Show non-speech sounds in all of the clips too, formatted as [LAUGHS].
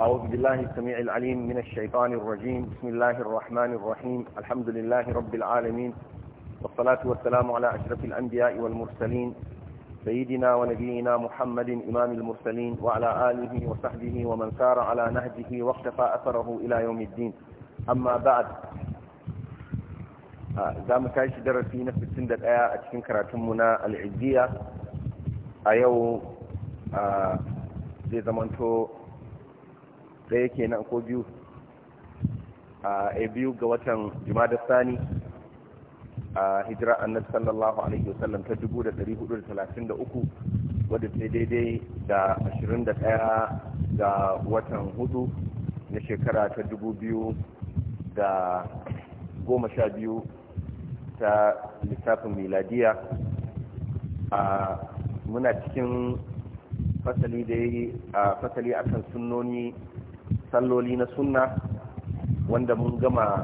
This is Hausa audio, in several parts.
أعوذ بالله السميع العليم من الشيطان الرجيم بسم الله الرحمن الرحيم الحمد لله رب العالمين والصلاة والسلام على أشرف الأنبياء والمرسلين سيدنا ونبينا محمد إمام المرسلين وعلى آله وصحبه ومن سار على نهجه واختفى أثره إلى يوم الدين أما بعد آه، za mu tashi في نفس 61 a cikin karatunmu العزية أيو آه زي زمان تو da yake nan ko biyu a eh, biyu ga watan jumada sani a hijira annabi sallallahu alaihi wasallam ta 1433 wadda ta daidai da 21 ga watan hudu na shekara ta 2012 ta lissafin miladiya a muna cikin fasali da a fasali akan sunnoni salloli na sunna wanda mun gama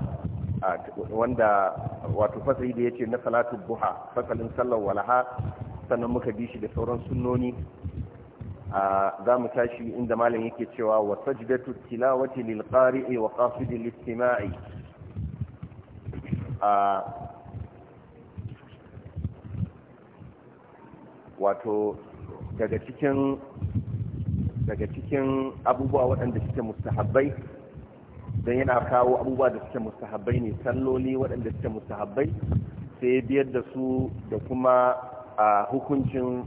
wanda wato fasali da yace na salatu buha fasalin sallar walaha sannan muka bi shi da sauran sunnoni za mu tashi inda malam yake cewa wa sajdatu tilawati lil qari'i wa qasidi lil istima'i wato daga cikin daga cikin abubuwa waɗanda suke mustahabbai don yana kawo abubuwa da suke mustahabbai ne salloli waɗanda suke mustahabbai sai biyar da su da kuma a hukuncin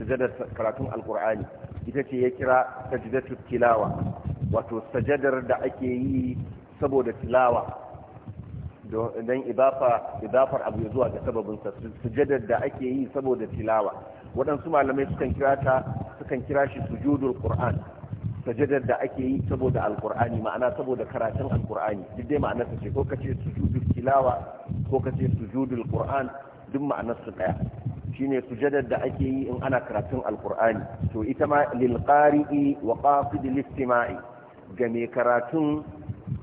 sujadar karatun alkur'ani ita ce ya kira sajidatu tilawa wato sajadar da ake yi saboda tilawa don idafar abu zuwa ga sababinsa sujadar da ake yi saboda tilawa waɗansu malamai sukan kira ta sukan kira shi sujudul qur'an sajadar da ake yi saboda alqur'ani ma'ana saboda karatun alqur'ani duk dai ma'anar ta ce ko kace sujudul tilawa ko kace sujudul qur'an duk ma'anar su daya shine sujadar da ake yi in ana karatun alqur'ani to ita ma lil qari'i wa qasid listima'i ga mai karatun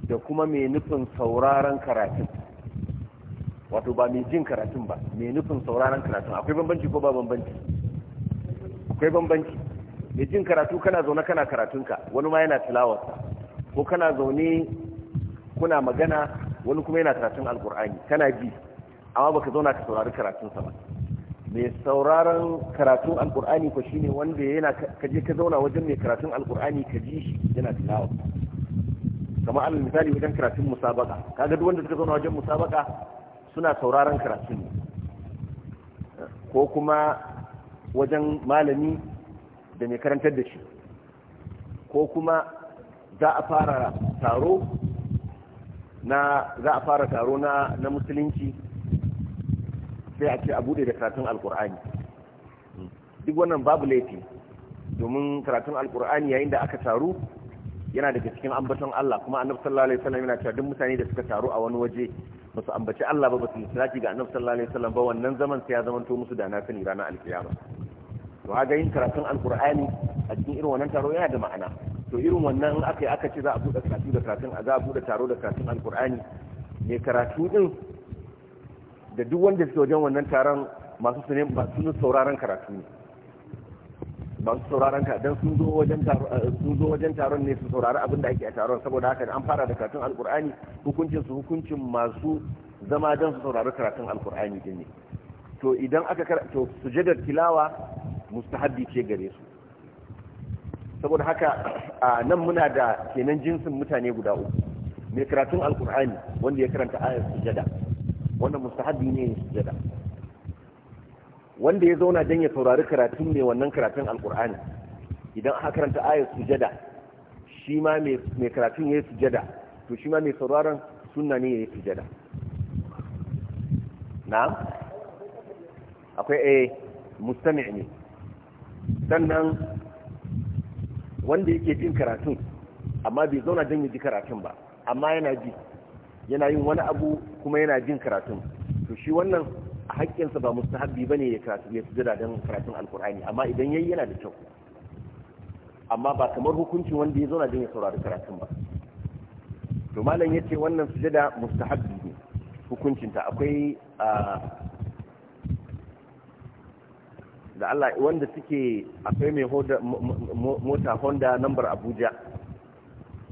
da kuma mai nufin sauraron karatun wato ba mai jin karatun ba mai nufin sauraron karatun akwai bambanci ko ba bambanci akwai bambanci mai jin karatu kana zaune kana karatunka wani ma yana tilawarsa ko kana zaune kuna magana wani kuma yana karatun alkur'ani kana ji amma baka zauna ka saurari karatunsa ba mai sauraron karatun alkur'ani ko shine wanda yana kaje ka zauna wajen mai karatun alkur'ani ka ji shi yana tilawa kamar alal misali wajen karatun musabaka kaga duk wanda suka zauna wajen musabaka suna sauraron karatu ne ko kuma wajen malami da mai karantar da shi ko kuma za a fara taro na za a fara taro na na musulunci sai a ce a bude da karatun alkur'ani duk wannan babu laifi domin karatun alkur'ani yayin da aka taru yana daga cikin ambaton Allah kuma annabi sallallahu alaihi wasallam yana cewa duk mutane da suka taro a wani waje ba su ambaci Allah ba ba su lissafi ga annabi sallallahu alaihi wasallam ba wannan zaman sai ya to musu da na sani ranar alkiyama to haga yin karatun alkur'ani a cikin irin wannan taro yana da ma'ana to irin wannan in aka yi aka ce za a buɗe karatu da karatun za a buɗe taro da karatun alkur'ani Me karatu din da duk wanda suke wajen wannan taron masu sunan sauraron karatu ne masu sauraron ka don eh, sun zo wajen taron ne su saurari abin da ake a taron saboda haka an fara da karatun alkur'ani hukuncin su hukuncin masu zama don su saurari karatun alkur'ani din ne to idan aka to sujadar tilawa mustahabbi ce gare su saboda haka a nan muna da kenan jinsin mutane guda uku mai karatun alkur'ani wanda ya karanta ayar sujada wannan mustahabbi ne sujada wanda ya zauna don ya saurari karatun mai wannan karatun alkur'ani idan aka karanta ayar sujada shi ma mai karatun ya yi sujada to shi ma mai sauraron suna ne ya yi sujada na akwai a eh, mustami ne sannan wanda yake jin karatun amma bai zauna don ya ji karatun ba amma yana ji yana yin wani abu kuma yana jin karatun to shi wannan haƙƙinsa ba mustahabbi bane ya karatu ya sujada don karatun alqur'ani amma idan yayi yana da kyau amma ba kamar hukuncin wanda ya na don ya saurari karatun ba to malam ya ce wannan sujada mustahabbi ne hukuncinta akwai da Allah wanda suke akwai mai mota Honda number Abuja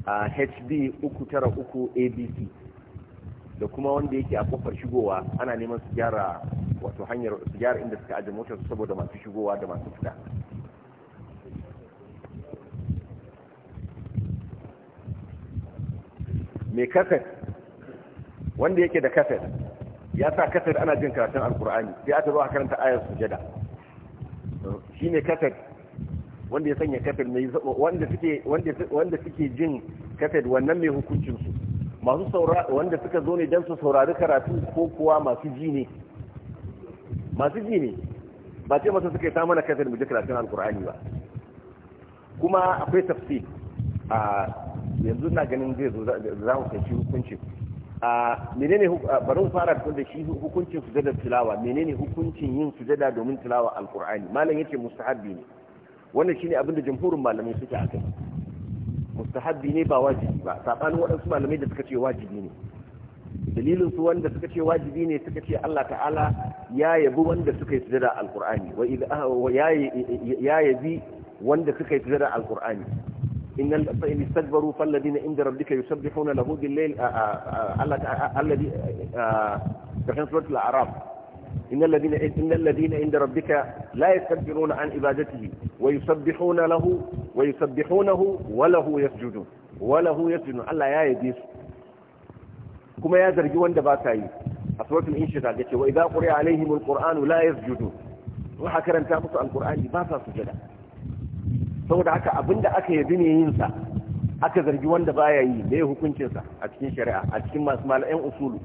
a HB 393 ABC da kuma wanda yake a kofar shigowa ana neman su gyara wato hanyar su gyara inda suka ajiye motar saboda masu shigowa da masu fita mai kafet, wanda yake da kafet ya sa kafet ana jin karatun alkur'ani sai aka zo a karanta ayar sujada shi ne kafet wanda ya sanya kafet mai wanda suke jin kafet wannan mai hukuncinsu masu saura wanda suka zo ne don su saurari karatu ko kuwa masu ji ne masu ji ne ba ce masu suka yi ta mana kasar mu ji karatun alkur'ani ba kuma akwai tafsir a yanzu na ganin zai zo za mu kai hukunci a menene bari mu fara da shi hukuncin sujada tilawa menene hukuncin yin sujada domin tilawa alkur'ani malam yace mustahabbi ne wannan shine abin da jamhurin malamai suke akai mustahabbi ne ba wajibi ba sabanin waɗansu malamai da suka ce wajibi ne dalilin su wanda suka ce wajibi ne suka ce Allah ta'ala ya yabi wanda suka yi sujada alqur'ani wa idha ya yabi wanda suka yi sujada alqur'ani إن الذين استكبروا فالذين عند ربك يسبحون له بالليل الذي في سورة الأعراف إن الذين, إن الذين عند ربك لا يستكبرون عن عبادته ويسبحون له ويسبحونه وله يسجدون وله يسجدون الله يا يديس كما يا درجي وند باكاي أسورة الإنشقاق يقول وإذا قرئ عليهم القرآن لا يسجدون وحكرا تابط القرآن باسا سجدا saboda haka abinda aka yabi ne yin sa aka zargi wanda baya yi da ya hukuncinsa a cikin shari'a a cikin masu mala'in usulu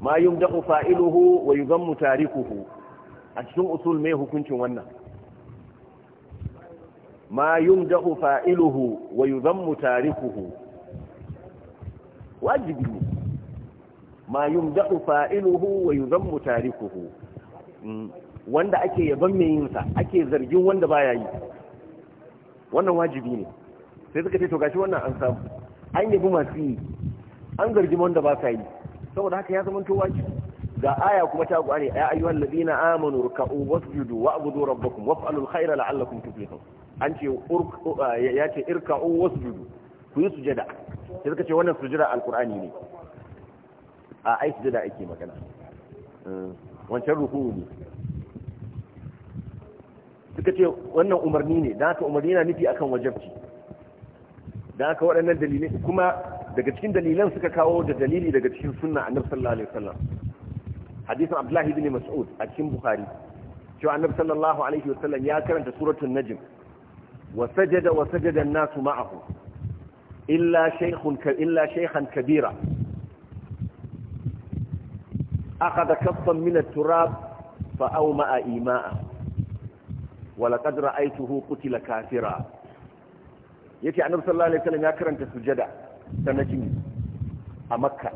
ma yumda'u fa'iluhu wa yuzammu tarikuhu a cikin usul mai hukuncin wannan ma yumda'u fa'iluhu wa yuzammu tarikuhu wajibi ne ma yumda'u fa'iluhu wa yuzammu tarikuhu mm, wanda ake yaban mai yin ake zargin wanda baya yi wannan wajibi ne sai suka ce to gashi wannan an samu an yabi masu yi an zargi wanda ba sa yi saboda haka ya zama towa ga aya kuma ta ku ne ya ayyuhal ladina amanu ruk'u wasjudu wa'budu rabbakum waf'alul khaira la'allakum tuflihun an ce ya ce irka'u wasjudu ku yi sujada sai suka ce wannan sujada alqur'ani ne a ai sujada ake magana hmm, wancan ruku ne suka ce wannan umarni ne da haka umarni yana nufi akan wajabci da haka waɗannan dalilai kuma daga cikin dalilan suka kawo da dalili daga cikin sunna annabi sallallahu alaihi wasallam hadisin abdullah ibn mas'ud a cikin bukhari cewa annabi sallallahu alaihi wasallam ya karanta suratul najm wa sajada wa sajada an-nasu ma'ahu illa shaykhun ka illa shaykhan kabira akhadha kaffan min at-turab fa awma'a ima'a wa laqad ra'aytuhu qutila kafira yace annabi sallallahu alaihi wasallam ya karanta sujada ta najmi a makka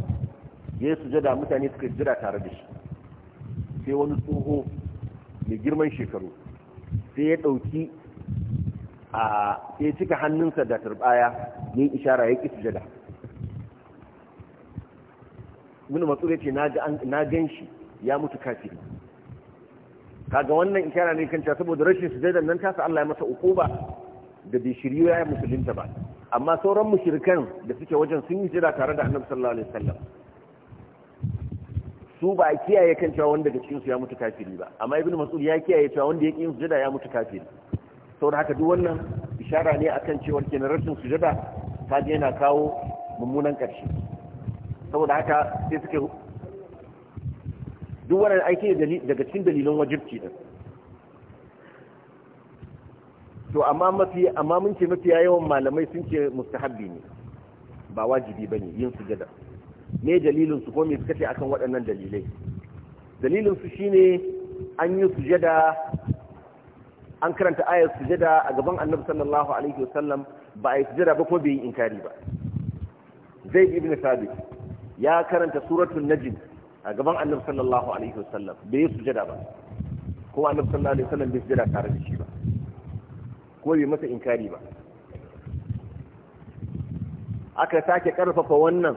ya yi sujada mutane suka jira tare da shi sai wani tsoho mai girman shekaru sai ya ɗauki a sai cika hannunsa da turbaya ne ishara ya ƙi sujada wani matsu ya ce na gan shi ya mutu kafiri kaga wannan ishara ne kanta saboda rashin sujada nan tasa Allah ya masa ba, da bai shiryu ya musulunta ba amma sauran mushirkan da suke wajen sun yi jira tare da annabi sallallahu alaihi wasallam su ba a kiyaye kan cewa wanda daga cikin su ya mutu kafiri ba amma ibnu mas'ud ya kiyaye cewa wanda ya yin sujada ya mutu kafiri saboda haka duk wannan ishara ne akan cewa kenan rashin sujada ta yana kawo mummunan karshe saboda haka sai suke duk wannan aiki daga cikin dalilan wajibci din to amma mafi amma mun ce mafi yawan malamai sun ce mustahabbi ne ba wajibi bane yin sujada me dalilin su ko me suka ce akan waɗannan dalilai dalilin su shine an yi sujada an karanta ayar sujada a gaban annabi sallallahu alaihi wasallam ba a yi sujada ba ko bai yi inkari ba zai ibn sabit ya karanta suratul najm a gaban annabi sallallahu alaihi wasallam bai yi sujada ba ko annabi sallallahu alaihi wasallam bai sujada tare da shi ba kuma bai masa inkari ba aka sake karfafa wannan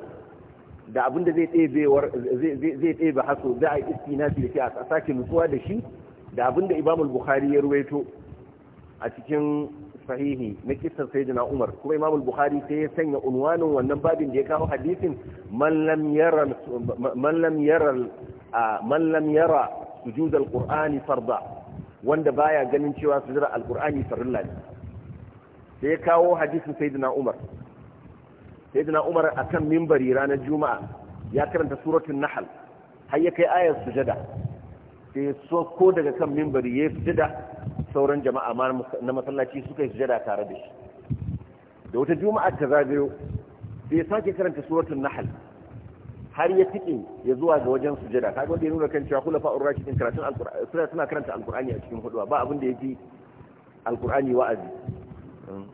da abin da zai ɗebe haso za a yi istinafi da shi a sake nutsuwa da shi da abin da imamul bukhari ya ruwaito a cikin sahihi na kisar sayyidina umar kuma imamul bukhari sai ya sanya unwanin wannan babin da ya kawo hadisin man lam yara kur'ani al-qur'ani farda wanda baya ganin cewa jira alqur'ani farilla ne sai ya kawo hadisin sayyidina umar sayyidina umar akan mimbari ranar juma'a ya karanta suratul nahl har ya kai ayar sujada sai ko daga kan mimbari ya sujada sauran jama'a na masallaci suka yi sujada tare da shi da wata juma'a ta zagayo sai ya sake karanta suratul nahl har ya tike ya zuwa ga wajen sujada kaga wanda ya nuna kan cewa kula fa'ur rashidin karatun alqur'ani suna suna karanta alqur'ani a cikin hudu ba abin da yafi alqur'ani wa'azi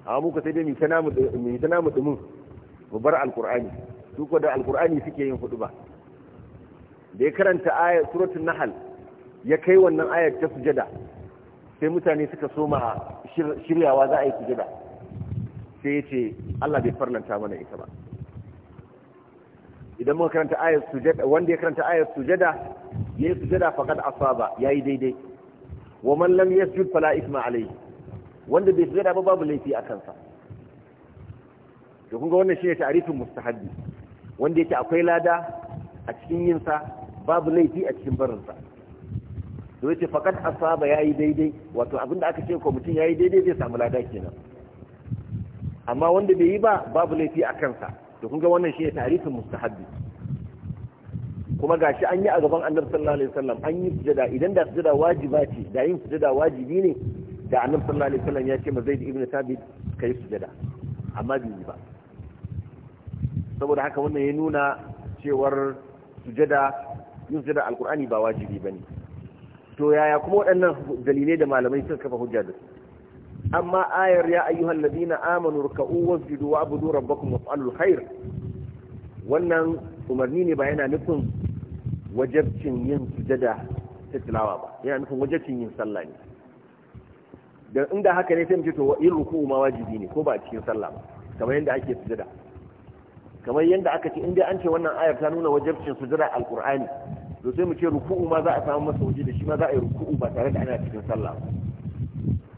amma muka sai dai mu ta namu mu tana mu dumin mu bar alqur'ani su ko da alqur'ani suke yin hudu ba da ya karanta ayat suratul nahl ya kai wannan ayar ta sujada sai mutane suka so ma shiryawa za a yi sujada sai ya ce Allah bai farlanta mana ita ba idan muka karanta ayat sujada wanda ya karanta ayat sujada yayi sujada faqad asaba yayi daidai wa man lam yasjud fala isma alayhi wanda bai sujada ba babu laifi a kansa to kun ga wannan shine ta'rifin mustahabbi wanda yake akwai lada a cikin yin sa babu laifi a cikin barin sa to yace faqad asaba yayi daidai wato abinda aka ce ko mutum yayi daidai zai samu lada kenan amma wanda bai yi ba babu laifi a kansa to kun ga wannan shi ne tarifin mustahabbi kuma gashi an yi a gaban annabi sallallahu alaihi wasallam an yi sujada idan da sujada wajiba ce da yin sujada wajibi ne da annabi sallallahu alaihi wasallam ya ce ma zaid ibn thabit kai sujada amma bai yi ba saboda haka wannan ya nuna cewar sujada yin sujada alqur'ani ba wajibi bane to yaya kuma waɗannan dalilai da malamai suka kafa hujja da su amma ayar ya ayyuhal ladina amanu ruk'u wasjudu wa'budu rabbakum waf'alul khair wannan umarni ne ba yana nufin wajabcin yin sujada ta tilawa ba yana nufin wajabcin yin sallah ne dan inda haka ne sai mu ce to yin ruku'u ma wajibi ne ko ba a cikin sallah ba kamar yadda ake sujada kamar yadda aka ce inda an ce wannan ayar ta nuna wajabcin sujada alqur'ani to sai mu ce ruku'u ma za a samu masa waje da shi ma za a yi ruku'u ba tare da ana cikin sallah ba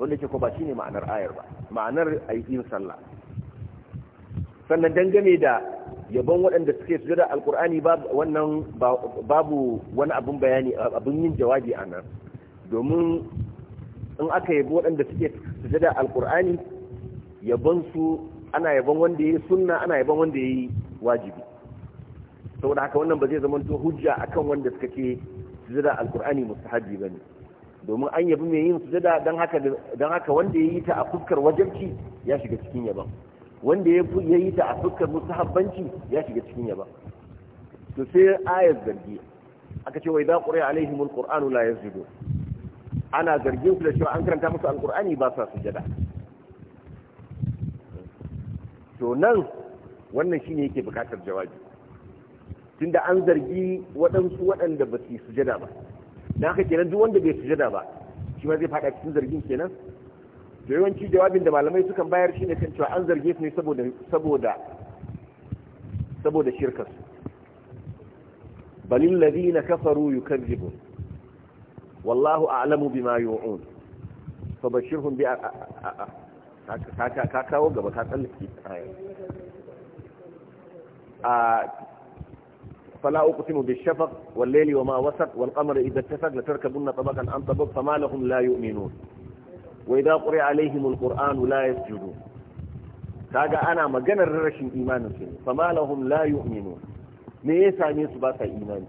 wanda ke ko ba shine ma'anar ayar ba ma'anar aikin sallah sannan dangane da yabon waɗanda suke da alkur'ani wannan babu wani abin bayani abin yin jawabi a nan domin in aka yabo waɗanda suke sujada alkur'ani yabon su ana yabon wanda ya yi sunna ana yabon wanda ya yi wajibi saboda haka wannan ba zai zama hujja akan wanda suka ke da alkur'ani mustahabi ba ne domin an yabi mai yin sujada don haka don haka wanda ya yi ta a fuskar wajabci ya shiga cikin yaban wanda ya yi ta a fuskar mustahabbanci ya shiga cikin yaban to sai ayat zargi aka ce wai za ƙuri'a alaihimul qur'anu la yasjudu ana zargin su da cewa an karanta musu alkur'ani ba sa sujada to nan wannan shine yake bukatar jawabi tunda an zargi waɗansu waɗanda ba su sujada ba da haka kenan duk wanda bai sujada ba shi ma zai fada cikin zargin kenan To yawanci jawabin da malamai sukan bayar shine kan cewa an zarge su ne saboda saboda saboda shirkar su balil ladina kafaru yukadzibun wallahu a'lamu bima yu'un bashirhum bi ka kawo gaba ka tsallake a فلا أقسم بالشفق والليل وما وسق والقمر إذا اتسق لتركبن طبقا عن طبق فما لهم لا يؤمنون وإذا قرئ عليهم القرآن لا يسجدون kaga ana maganar rashin imanin ne fama lahum la yu'minun me ya same su ba sa imani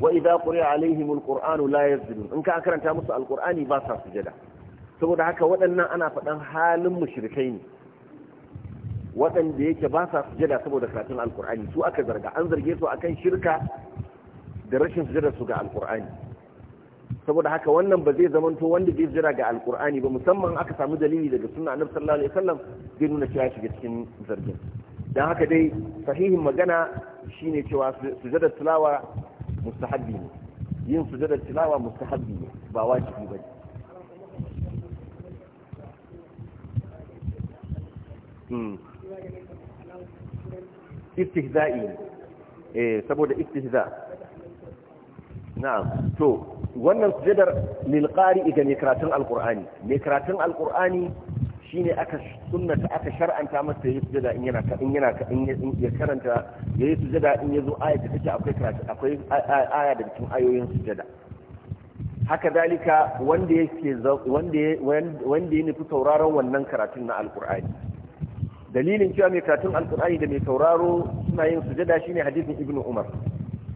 wa idza quri'a alaihim alqur'anu la yasjudun in ka karanta musu alqur'ani ba sa sujada saboda haka waɗannan ana faɗan halin mushrikai ne waɗanda yake ba sa sujada saboda karatun alkur'ani su aka zarga an zarge su akan shirka da rashin sujada su ga alkur'ani saboda haka wannan ba zai zamanto wanda zai sujada ga alkur'ani ba musamman aka samu dalili daga sunna annabi sallallahu alaihi wasallam zai nuna cewa shiga cikin zargin dan haka dai sahihin magana shine cewa sujada tilawa mustahabbi ne yin sujada tilawa mustahabbi ne ba wajibi ba ne hmm. istihza'i eh saboda istihza na'am to wannan sujadar lil qari'i ga mai karatun alqur'ani mai karatun alqur'ani shine aka sunnata aka shar'anta masa yayi sujada in yana in yana in ya karanta yayi sujada in yazo aya da take akwai karatu akwai aya da cikin ayoyin sujada haka dalika wanda yake wanda wanda ya nufi tauraron wannan karatun na alqur'ani dalilin cewa mai karatun alkur'ani da mai sauraro suna yin sujada shine hadisin ibnu umar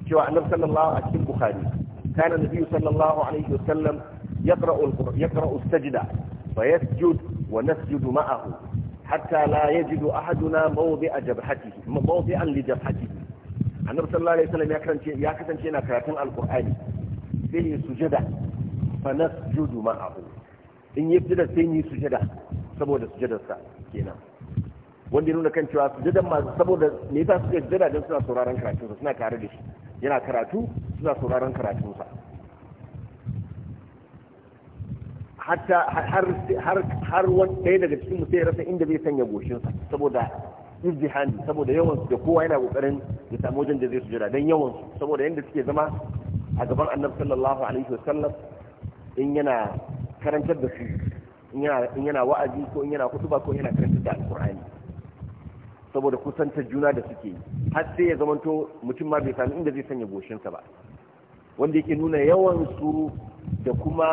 cewa annabi sallallahu alaihi cikin bukhari kana nabiyyu sallallahu alaihi wasallam yaqra'u alqur'an yaqra'u as-sajda fa yasjud wa nasjudu ma'ahu hatta la yajidu ahaduna mawdi'a jabhatihi mawdi'an li jabhatihi annabi sallallahu alaihi wasallam ya kasance ya kasance yana karatun alkur'ani sai ya sujada fa nasjudu ma'ahu in yi sujada sai ni sujada saboda sujadarsa kenan wanda ya nuna kan cewa sujadan masu saboda me yasa suka sujada don suna sauraron karatunsa suna tare da shi yana karatu suna sauraron karatunsa hatta har har har ɗaya daga cikin mu sai rasa inda zai sanya goshinsa saboda izdihani saboda yawan su da kowa yana kokarin ya samu wajen da zai sujada dan yawan su saboda yanda suke zama a gaban annabi sallallahu alaihi wasallam in yana karantar da su in yana wa'azi ko in yana hutuba ko in yana karantar da alqur'ani saboda kusantar juna da suke yi har sai ya zamanto mutum ma bai sami inda zai sanya goshinsa ba wanda yake nuna yawan su da kuma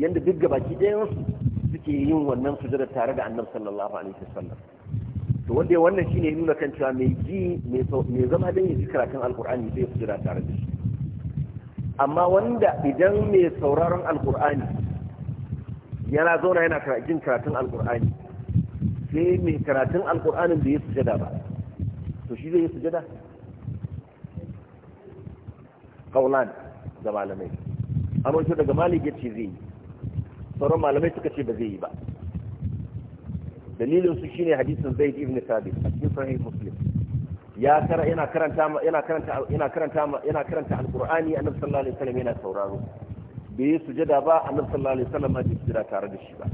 yadda duk gabaki su suke yin wannan sujada tare da annabi sallallahu alaihi wasallam to wanda ya wannan shine nuna kan cewa mai ji mai zama dan yi karatun alqur'ani sai sujada tare da shi amma wanda idan mai sauraron alqur'ani yana zauna yana jin karatun alqur'ani sai mai karatun alkur'anin da ya sujada ba to shi zai yi sujada kaulan da malamai an shi daga malik ya ce zai yi sauran malamai suka ce ba zai yi ba dalilin su shine hadisin zaid ibn sabit a cikin sahih muslim ya kara yana karanta yana karanta yana karanta yana karanta alqur'ani annabi sallallahu alaihi wasallam yana sauraro bai sujada ba annabi sallallahu alaihi wasallam bai sujada tare da shi ba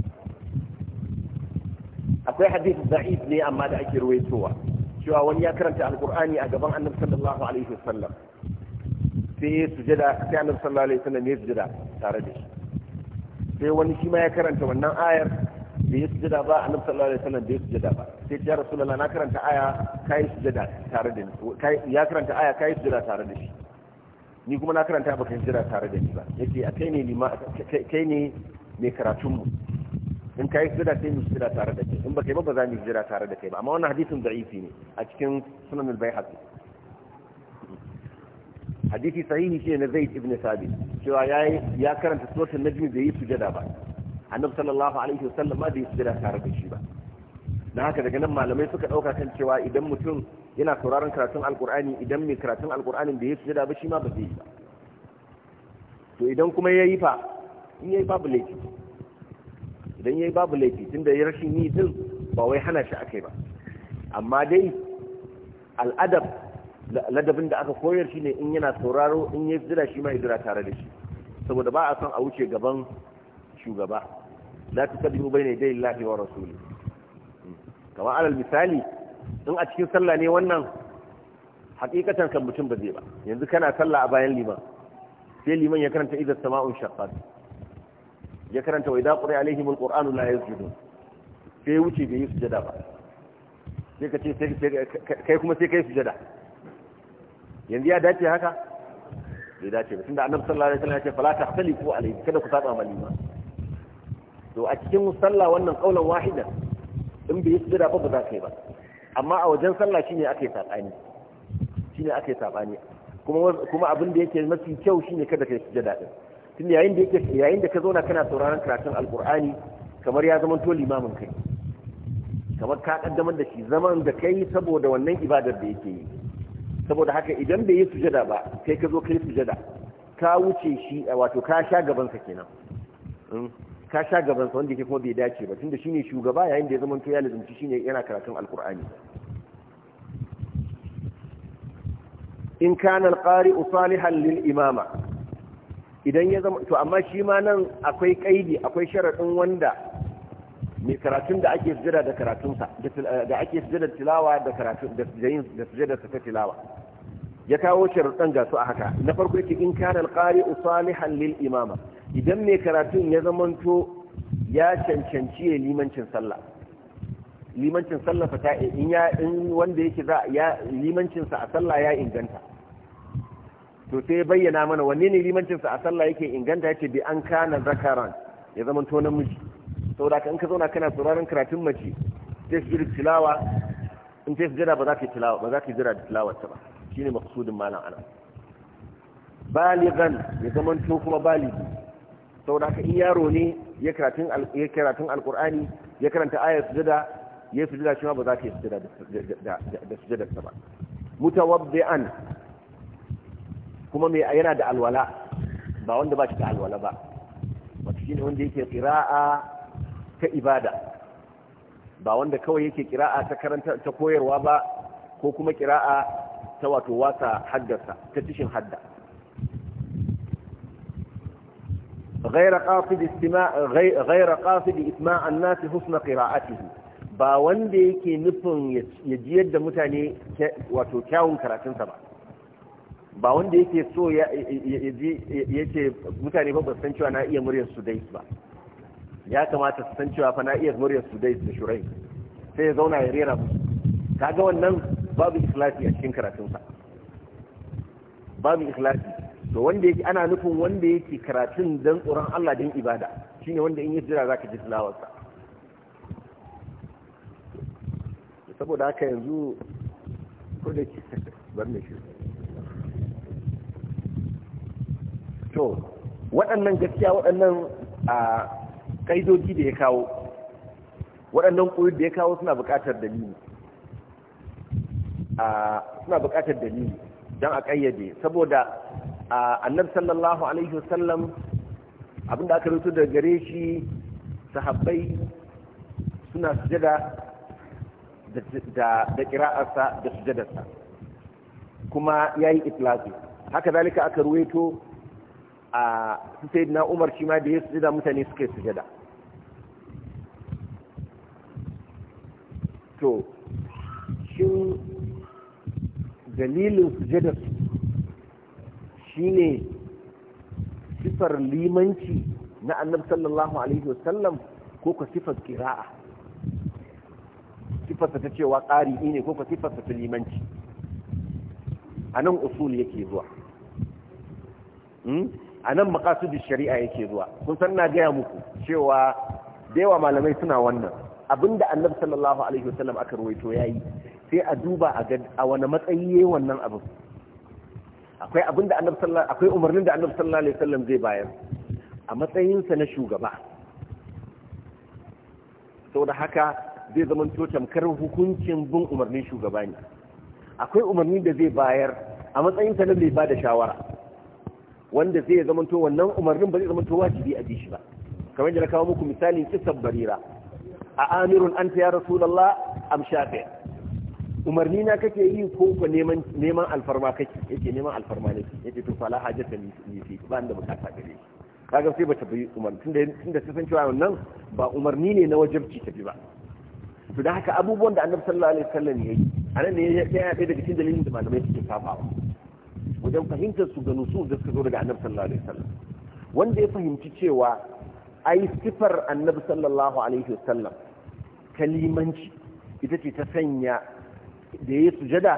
akwai hadith da'if ne amma da ake ruwaitowa cewa wani ya karanta alqur'ani a gaban annabi sallallahu alaihi wasallam sai ya sujada sai annabi sallallahu alaihi wasallam ya sujada tare da shi sai wani shi ma ya karanta wannan ayar bai ya sujada ba annabi sallallahu alaihi wasallam da ya sujada ba sai ya rasulullahi na karanta aya kai sujada tare da ni ya karanta aya kai sujada tare da shi ni kuma na karanta baka sujada tare da ni ba yace a kai ne kai ne mai karatun mu in kai hijira sai mu hijira tare da kai in ba kai ba ba za mu hijira tare da kai ba amma wannan hadisin da'ifi ne a cikin sunan al-baihaqi hadisi sahihi shi na zaid ibn sabit cewa yayi ya karanta suratul najm da yi sujada ba annabi sallallahu alaihi wasallam ba da yi sujada tare da shi ba dan haka daga nan malamai suka dauka kan cewa idan mutum yana sauraron karatun alqur'ani idan mai karatun alqur'anin da yi sujada ba shi ma ba zai yi ba to idan kuma yayi fa in yayi ba laifi idan ya yi babu laifi tun da rashin yi din ba wai hana shi akai ba amma dai al'adab ladabin da aka koyar shi ne in yana sauraro in ya jira shi ma jira tare da shi saboda ba a son a wuce gaban shugaba la tuqaddimu bayna dai Allahi wa rasuli kamar alal misali in a cikin sallah ne wannan hakikatan kan mutum ba zai ba yanzu kana sallah a bayan liman sai liman ya karanta idan sama'un shaqqat ya karanta wa idza quri alaihim alquranu la yasjudun sai wuce bai yi sujada ba sai ka ce kai kuma sai kai sujada yanzu ya dace haka bai dace ba tunda annabi sallallahu alaihi wasallam ya ce fala ko alaihi kada ku saba malima to a cikin sallah wannan qaulan wahida in bai sujada ba ba za ka yi ba amma a wajen sallah shine ake sabani shine ake sabani kuma kuma abin da yake mafi kyau shine kada kai sujada din tun yayin da yake yayin da ka zauna kana sauraron karatun alkur'ani kamar ya zama to limamin kai kamar ka kaddamar da shi zaman da kai saboda wannan ibadar da yake yi saboda haka idan bai yi sujada ba kai ka zo kai sujada ka wuce shi wato ka sha gaban sa kenan hmm? ka sha gaban sa wanda yake kuma bai dace ba tunda shine shugaba yayin da ya zama to ya lazumci shine yana karatun alkur'ani in kana alqari'u salihan lil imama idan ya zama to amma shi ma nan akwai kaidi akwai sharaɗin wanda mai karatun da ake sujada da karatunsa da ake sujada tilawa da karatun da sujayin da sujada ta tilawa ya kawo sharadin ga su a haka na farko yake in kana alqari salihan lil imama idan mai karatun ya zamanto ya cancanci limancin sallah limancin sallah ta in ya in wanda yake za ya limancin sa a sallah ya inganta to sai bayyana mana wanne ne limancin sa a sallah yake inganta yake bi an kana zakaran ya zama to namiji saboda kan ka zauna kana sauraron karatun mace sai su jira tilawa in sai su jira ba za ka tilawa ba za ka jira tilawar ta ba shine maqsudin malam ana baligan ya zama to kuma baligi saboda ka in yaro ne ya karatun ya karatun alqur'ani ya karanta ayat sujada ya sujada shi ma ba za ka sujada da sujada ba mutawabbi'an kuma mai yana da alwala ba wanda ba shi da alwala ba wata shi ne wanda yake kira'a ta ibada ba wanda kawai yake ƙira'a ta karanta ta koyarwa ba ko kuma kira'a ta wato wasa haddarsa ta tishin hadda غير قاصد استماع غير قاصد اسماع الناس حسن قراءته ba wanda yake nufin ya jiyar da mutane wato kyawun karatunsa ba ba wanda yake so ya ce mutane ba san cewa na iya muryar su dai ba ya kamata su san cewa fa na iya muryar su dai da shurai sai ya zauna ya rera musu kaga wannan babu ikhlasi a cikin karatunsa babu ikhlasi to wanda yake ana nufin wanda yake karatun dan tsoron Allah din ibada shine wanda in yi jira zaka ji tilawarsa saboda haka yanzu ko da ke [LAUGHS] bar ne shi to waɗannan gaskiya waɗannan a ƙaidoji da ya kawo waɗannan ƙoyi da ya kawo suna buƙatar dalili suna buƙatar dalili don a ƙayyade saboda a annar sallallahu alaihi wasallam abinda aka rutu da gare shi sahabbai suna sujada da ƙira'arsa da sujadarsa kuma ya yi itlaƙi haka zalika aka ruwaito a sai na umar shi ma da ya sujada mutane suka yi sujada to shin dalilin sujada shine sifar limanci na annab sallallahu alaihi wasallam ko ka sifar kira'a sifarsa ta cewa ƙari ne ko ka sifarsa ta limanci a nan usul yake zuwa hmm? a nan da shari'a yake zuwa kun san na gaya muku cewa da yawa malamai suna wannan abinda annab sallallahu alaihi wasallam aka ruwaito yayi sai a duba a ga a wani matsayi yayi wannan abin akwai abinda annab sallallahu akwai umarnin da annab sallallahu alaihi wasallam zai bayar a matsayinsa na shugaba saboda haka zai zama to tamkar hukuncin bin umarnin shugaba ne akwai umarnin da zai bayar a matsayinsa na mai bada shawara wanda zai zamanto wannan umarnin ba zai zamanto wajibi a jishi ba kamar da na kawo muku misali kisan barira a amirun an ta ya rasulallah am shafi umarni na kake yi ko ko neman neman alfarma kake yake neman alfarma ne yake to fala hajata ni fi ba da ta gare shi kaga sai bata bi umarni tunda tunda sai san cewa wannan ba umarni ne na wajibci tafi ba to da haka abubuwan da annabi sallallahu alaihi wasallam yayi anan ne ya yi daga cikin dalilin da malamai suke kafawa wajen fahimtar su ga nusus da suka zo daga annabi sallallahu alaihi wasallam wanda ya fahimci cewa ai sifar annabi sallallahu alaihi wasallam kalimanci ita ce ta sanya da ya sujada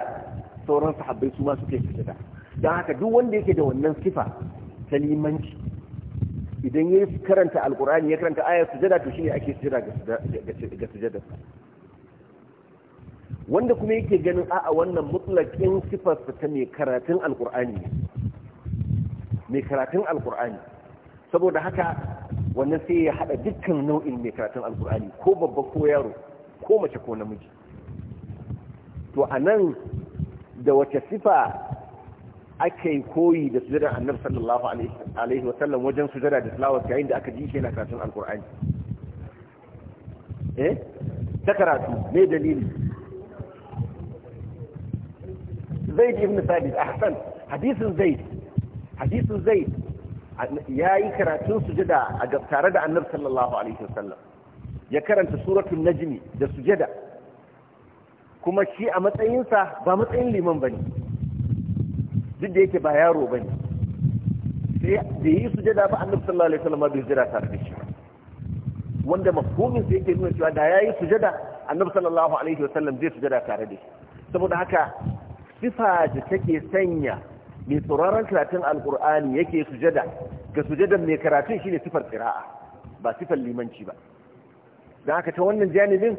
sauran sahabbai su ma suke sujada dan haka duk wanda yake da wannan sifa kalimanci idan ya karanta alkurani ya karanta ayatu sujada to shine ake sujada ga sujada wanda kuma yake ganin a'a wannan mutlakin sifar ta mai karatun alkur'ani mai karatun alkur'ani saboda haka wannan sai ya hada dukkan nau'in mai karatun alkur'ani ko babba ko yaro ko mace ko namiji to a nan da wace sifa aka yi koyi da sujada annabi sallallahu alaihi wa sallam wajen sujada da tilawar yayin da aka ji shi yana karatun alkur'ani eh ta karatu mai dalili zaid ibn sabit ahsan hadisin zaid hadisin zaid yayi karatun sujada a tare da annabi sallallahu ya karanta suratul najmi da sujada kuma shi a matsayinsa ba matsayin liman bane duk da yake ba yaro bane sai da yi sujada ba annabi sallallahu alaihi wasallam bai jira tare da shi wanda mafhumin sai yake nuna cewa da yayi sujada annabi sallallahu alaihi wasallam zai sujada tare da shi saboda haka sifa da take sanya mai tsoron karatun alkur'ani yake sujada ga sujadan mai karatun shine sifar qira'a ba sifar limanci ba dan haka ta wannan janibin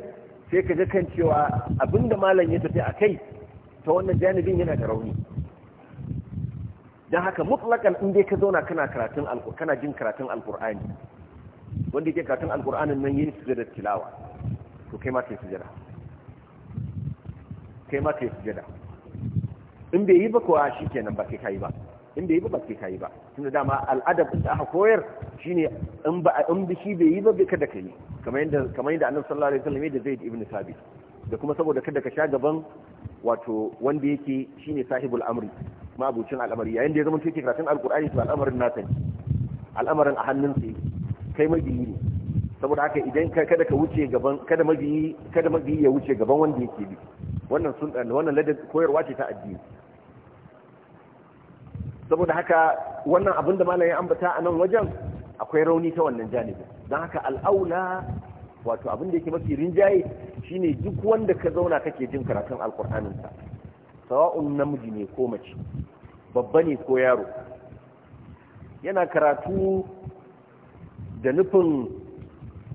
sai ka ga kan cewa abinda malam ya tafi a kai ta wannan janibin yana da rauni dan haka mutlakan in dai ka zauna kana karatun kana jin karatun alkur'ani wanda yake karatun alkur'anin nan yin sujada tilawa to kai ma kai sujada kai ma kai sujada in bai yi ba kowa shi kenan ba ke kayi ba in bai yi ba ba ke kayi ba da dama al'adar da aka koyar shine in ba in shi bai yi ba bai kada ka yi, kamar yadda Annabi sallallahu alaihi wasallam da Zaid ibn sabi da kuma saboda kada ka sha gaban wato wanda yake ne sahibul amri abucin al'amari yayin da ya zama ke karatun alkur'ani to al'amarin nasa ne al'amarin a hannun sai kai mabiyi ne saboda haka idan kada ka wuce gaban kada mabiyi kada mabiyi ya wuce gaban wanda yake bi wannan sun wannan ladan koyarwa ce ta addini saboda haka wannan abin da malam ya ambata a nan wajen akwai rauni ta wannan janibin don haka al'aula wato abin da yake mafi rinjaye shine duk wanda ka zauna kake jin karatun alkur'aninsa sawa'un namiji ne ko mace babba ne ko yaro yana karatu da nufin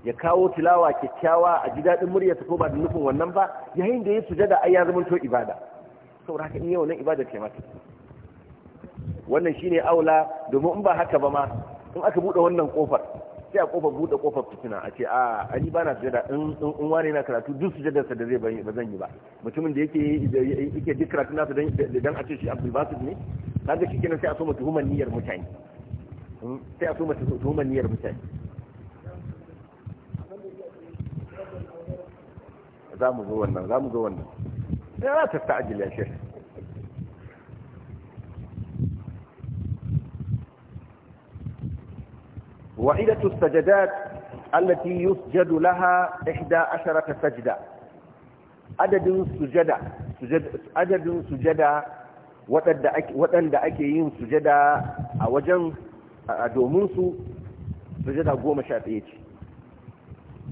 ya kawo tilawa kyakkyawa a ji daɗin murya ko ba da nufin wannan ba yayin da ya sujada ai ya zama to ibada saboda haka in yau nan ibada ce mata wannan shine aula domin in ba haka ba ma in aka bude wannan kofar sai a kofar bude kofar fitina a ce a ani bana sujada in in wani na karatu duk sujadarsa da zai ba zan yi ba mutumin da yake yake duk karatu nasa dan a ce shi Abdul Basit ne kaga shi kenan sai a so human niyyar mutane hmm, sai a so human niyyar mutane za mu zo wannan za mu zo wannan ya ta ta'ajil ya shi وعدة السجدات التي يسجد لها إحدى عشرة سجدة عدد سجدة سجد عدد سجدة waɗanda ake yin sujada a wajen dominsu sujada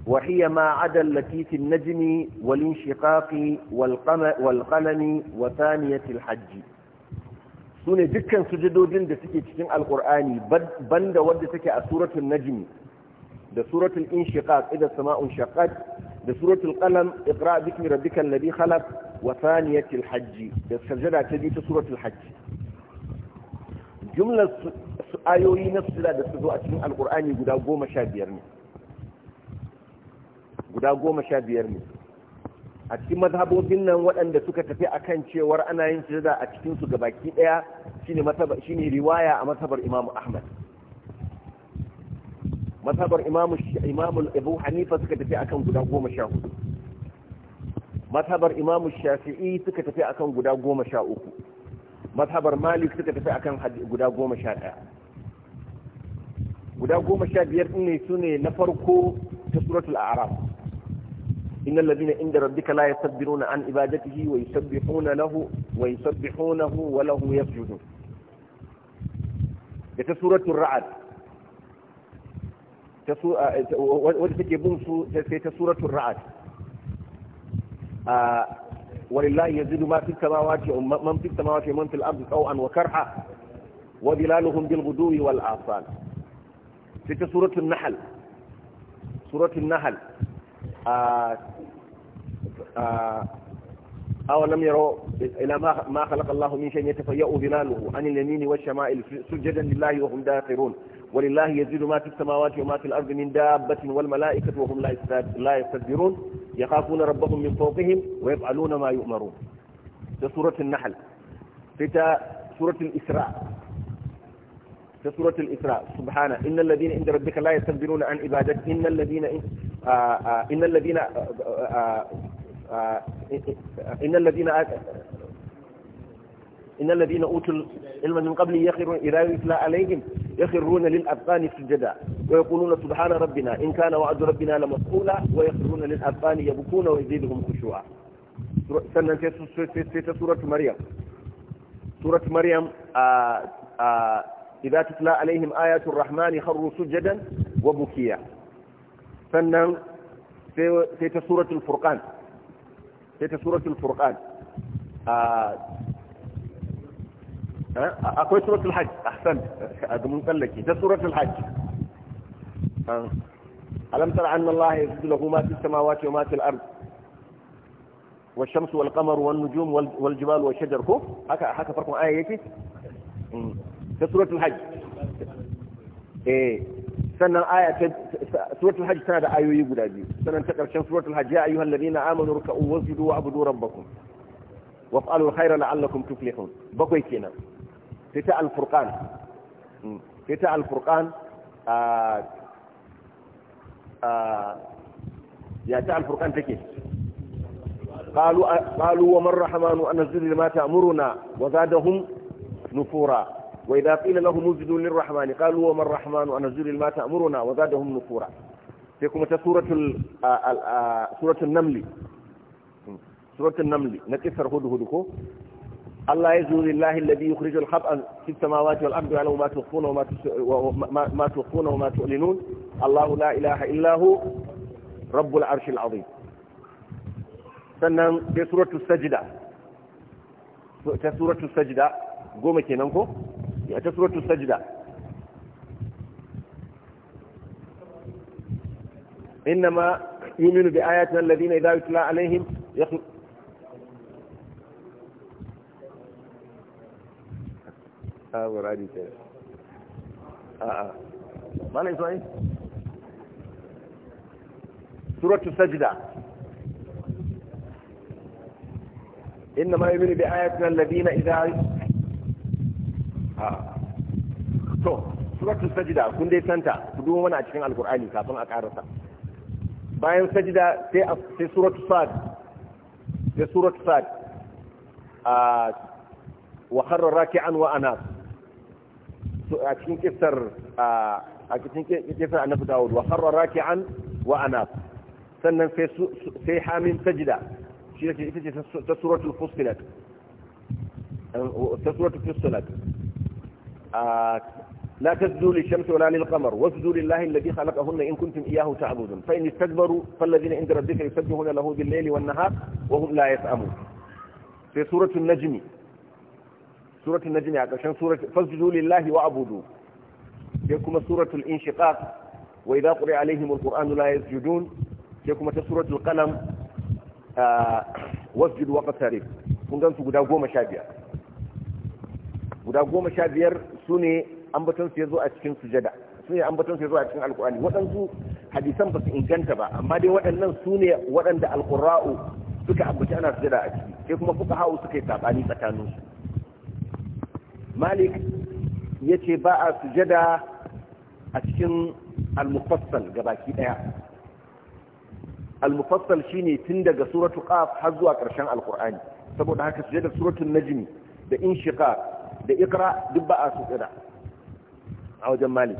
وهي ما عدا التي في النجم والانشقاق والقلم وثانية الحج su ne dukkan sujidodin da suke cikin alkur'ani ban da wadda take a suratun najmi da suratul inshiqaq idan sama'un shaqqat da suratul qalam iqra bismi rabbikal ladhi khalaq wa thaniyatil hajj da sajada ta biyu ta suratul hajj jumlar ayoyi na sujada da su zo a cikin alkur'ani guda goma ne guda goma sha biyar ne a cikin mazhabobin nan waɗanda suka tafi a kan cewar ana yin sujada a cikin su gabaki ɗaya shine masaba shine riwaya a masabar Imam Ahmad masabar Imam Imam Abu Hanifa suka tafi akan guda 14 masabar Imam Shafi'i suka tafi akan guda 13 masabar Malik suka tafi akan guda 11 guda 15 din ne sune na farko ta suratul a'raf إن الذين عند ربك لا يصبرون عن عبادته ويسبحون له ويسبحونه وله يسجدون ده سورة الرعد وده تجيبون سورة الرعد ولله يزيد ما في السماوات من في السماوات ومن في الأرض سوءا وكرحا وظلالهم بالغدو والآصال في سورة النحل سورة النحل آه، آه، أو لم يروا إلى ما ما خلق الله من شيء يتفيأ ظلاله عن اليمين والشمائل سجدا لله وهم داخرون ولله يزيد ما في السماوات وما في الأرض من دابة والملائكة وهم لا لا يخافون ربهم من فوقهم ويفعلون ما يؤمرون في سورة النحل في سورة الإسراء في سورة الإسراء سبحانه إن الذين عند ربك لا يستدبرون عن عبادتك إن الذين آه، آه، إن الذين آه، إن الذين إن الذين أوتوا العلم من قبل يخرون إذا يتلى عليهم يخرون للأذقان سجدا ويقولون سبحان ربنا إن كان وعد ربنا لمسؤولا ويخرون للأذقان يبكون ويزيدهم خشوعا سنة سورة مريم سورة مريم إذا تتلى عليهم آيات الرحمن خروا سجدا وبكيا sannan sai ta suratul furqan sai ta suratul furqan akwai suratul hajj ahsan a dumin tsallake ta suratul hajj alam tara anna allaha yasjudu lahu ma fis samawati wa ma fil ard والشمس والقمر والنجوم والجبال والشجر كو هكا هكا فرق آية يكي في سورة الحج إيه سنة آية سورة الحج سنة آية يقول هذه سنة انتقر شن سورة الحج يا أيها الذين آمنوا ركعوا وزدوا وعبدوا ربكم وافعلوا الخير لعلكم تفلحون بقوي كنا فتاء الفرقان فتاء الفرقان آآ آه، آآ آه، يا تاء الفرقان تكي قالوا آه، قالوا ومن الرحمن أن الزل لما تأمرنا وزادهم نفورا وإذا قيل لهم اسجدوا للرحمن قالوا وما الرحمن أنزل ما تأمرنا وزادهم نفورا sai kuma ta suratul namli suratul namli na kisar hudu hudu ko Allah ya zuri lillahi alladhi yukhrij al-hab'a fi samawati wal ardi wa ma tukhfuna wa ma tukhfuna wa ma tu'linun Allah la ilaha rabbul sannan ta suratu sajda goma kenan ko ciki a السجدة إنما يؤمن بآياتنا الذين إذا يتلى عليهم يخل... آه ورادي كده آه آه ما ليس صحيح سورة السجدة إنما يؤمن بآياتنا الذين إذا to suratul sajida kun dai santa ku duba wani a cikin alkur'ani kafin a karasa bayan sajida sai sai suratul sad sai suratul sad a wa kharra raki'an wa ana a cikin kissar a cikin kissar annabi dawud wa kharra raki'an wa anas sannan sai sai hamin sajida shi ita ce ta suratul fussilat ta suratul fussilat لا تسجدوا للشمس ولا للقمر واسجدوا لله الذي خلقهن إن كنتم إياه تعبدون فإن استكبروا فالذين عند ربك يسبحون له بالليل والنهار وهم لا يسأمون في سورة النجم سورة النجم عشان سورة فاسجدوا لله واعبدوا فيكم سورة الانشقاق وإذا قرئ عليهم القرآن لا يسجدون فيكم سورة القلم آه واسجد وقترب kun gan su guda goma sha biyar guda goma sha biyar su ne ambaton su yazo a cikin sujada su ne ambaton su yazo a cikin alqur'ani waɗansu hadisan ba su inganta ba amma dai waɗannan su ne waɗanda alkurau suka ambaci ana sujada a ciki sai kuma fuka hawo suka yi saɓani tsakanin su malik ce ba a sujada a cikin al-mufassal gabaki ɗaya al-mufassal shine tun daga suratu qaf har zuwa ƙarshen alqur'ani saboda haka sujada suratul najm da inshiqaq da ikra duk ba a sujada a wajen malik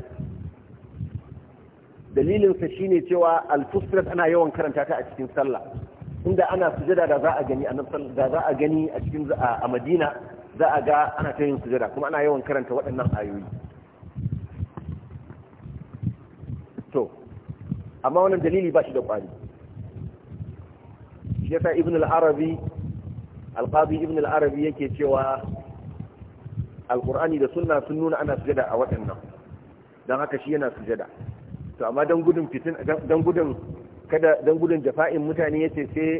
dalilinsa shine cewa al ana yawan karanta ta a cikin sallah inda ana sujada da za a gani da za a gani a cikin a madina za a ga ana ta yin sujada kuma ana yawan karanta waɗannan ayoyi to amma wannan dalili ba shi da ƙwari shi yasa ibn al-arabi al ibn al-arabi yake cewa Alƙur'ani da sunna sun nuna ana sujada a waɗannan don haka shi yana sujada to amma don gudun fitin don gudun kada don gudun jafa'in mutane yace sai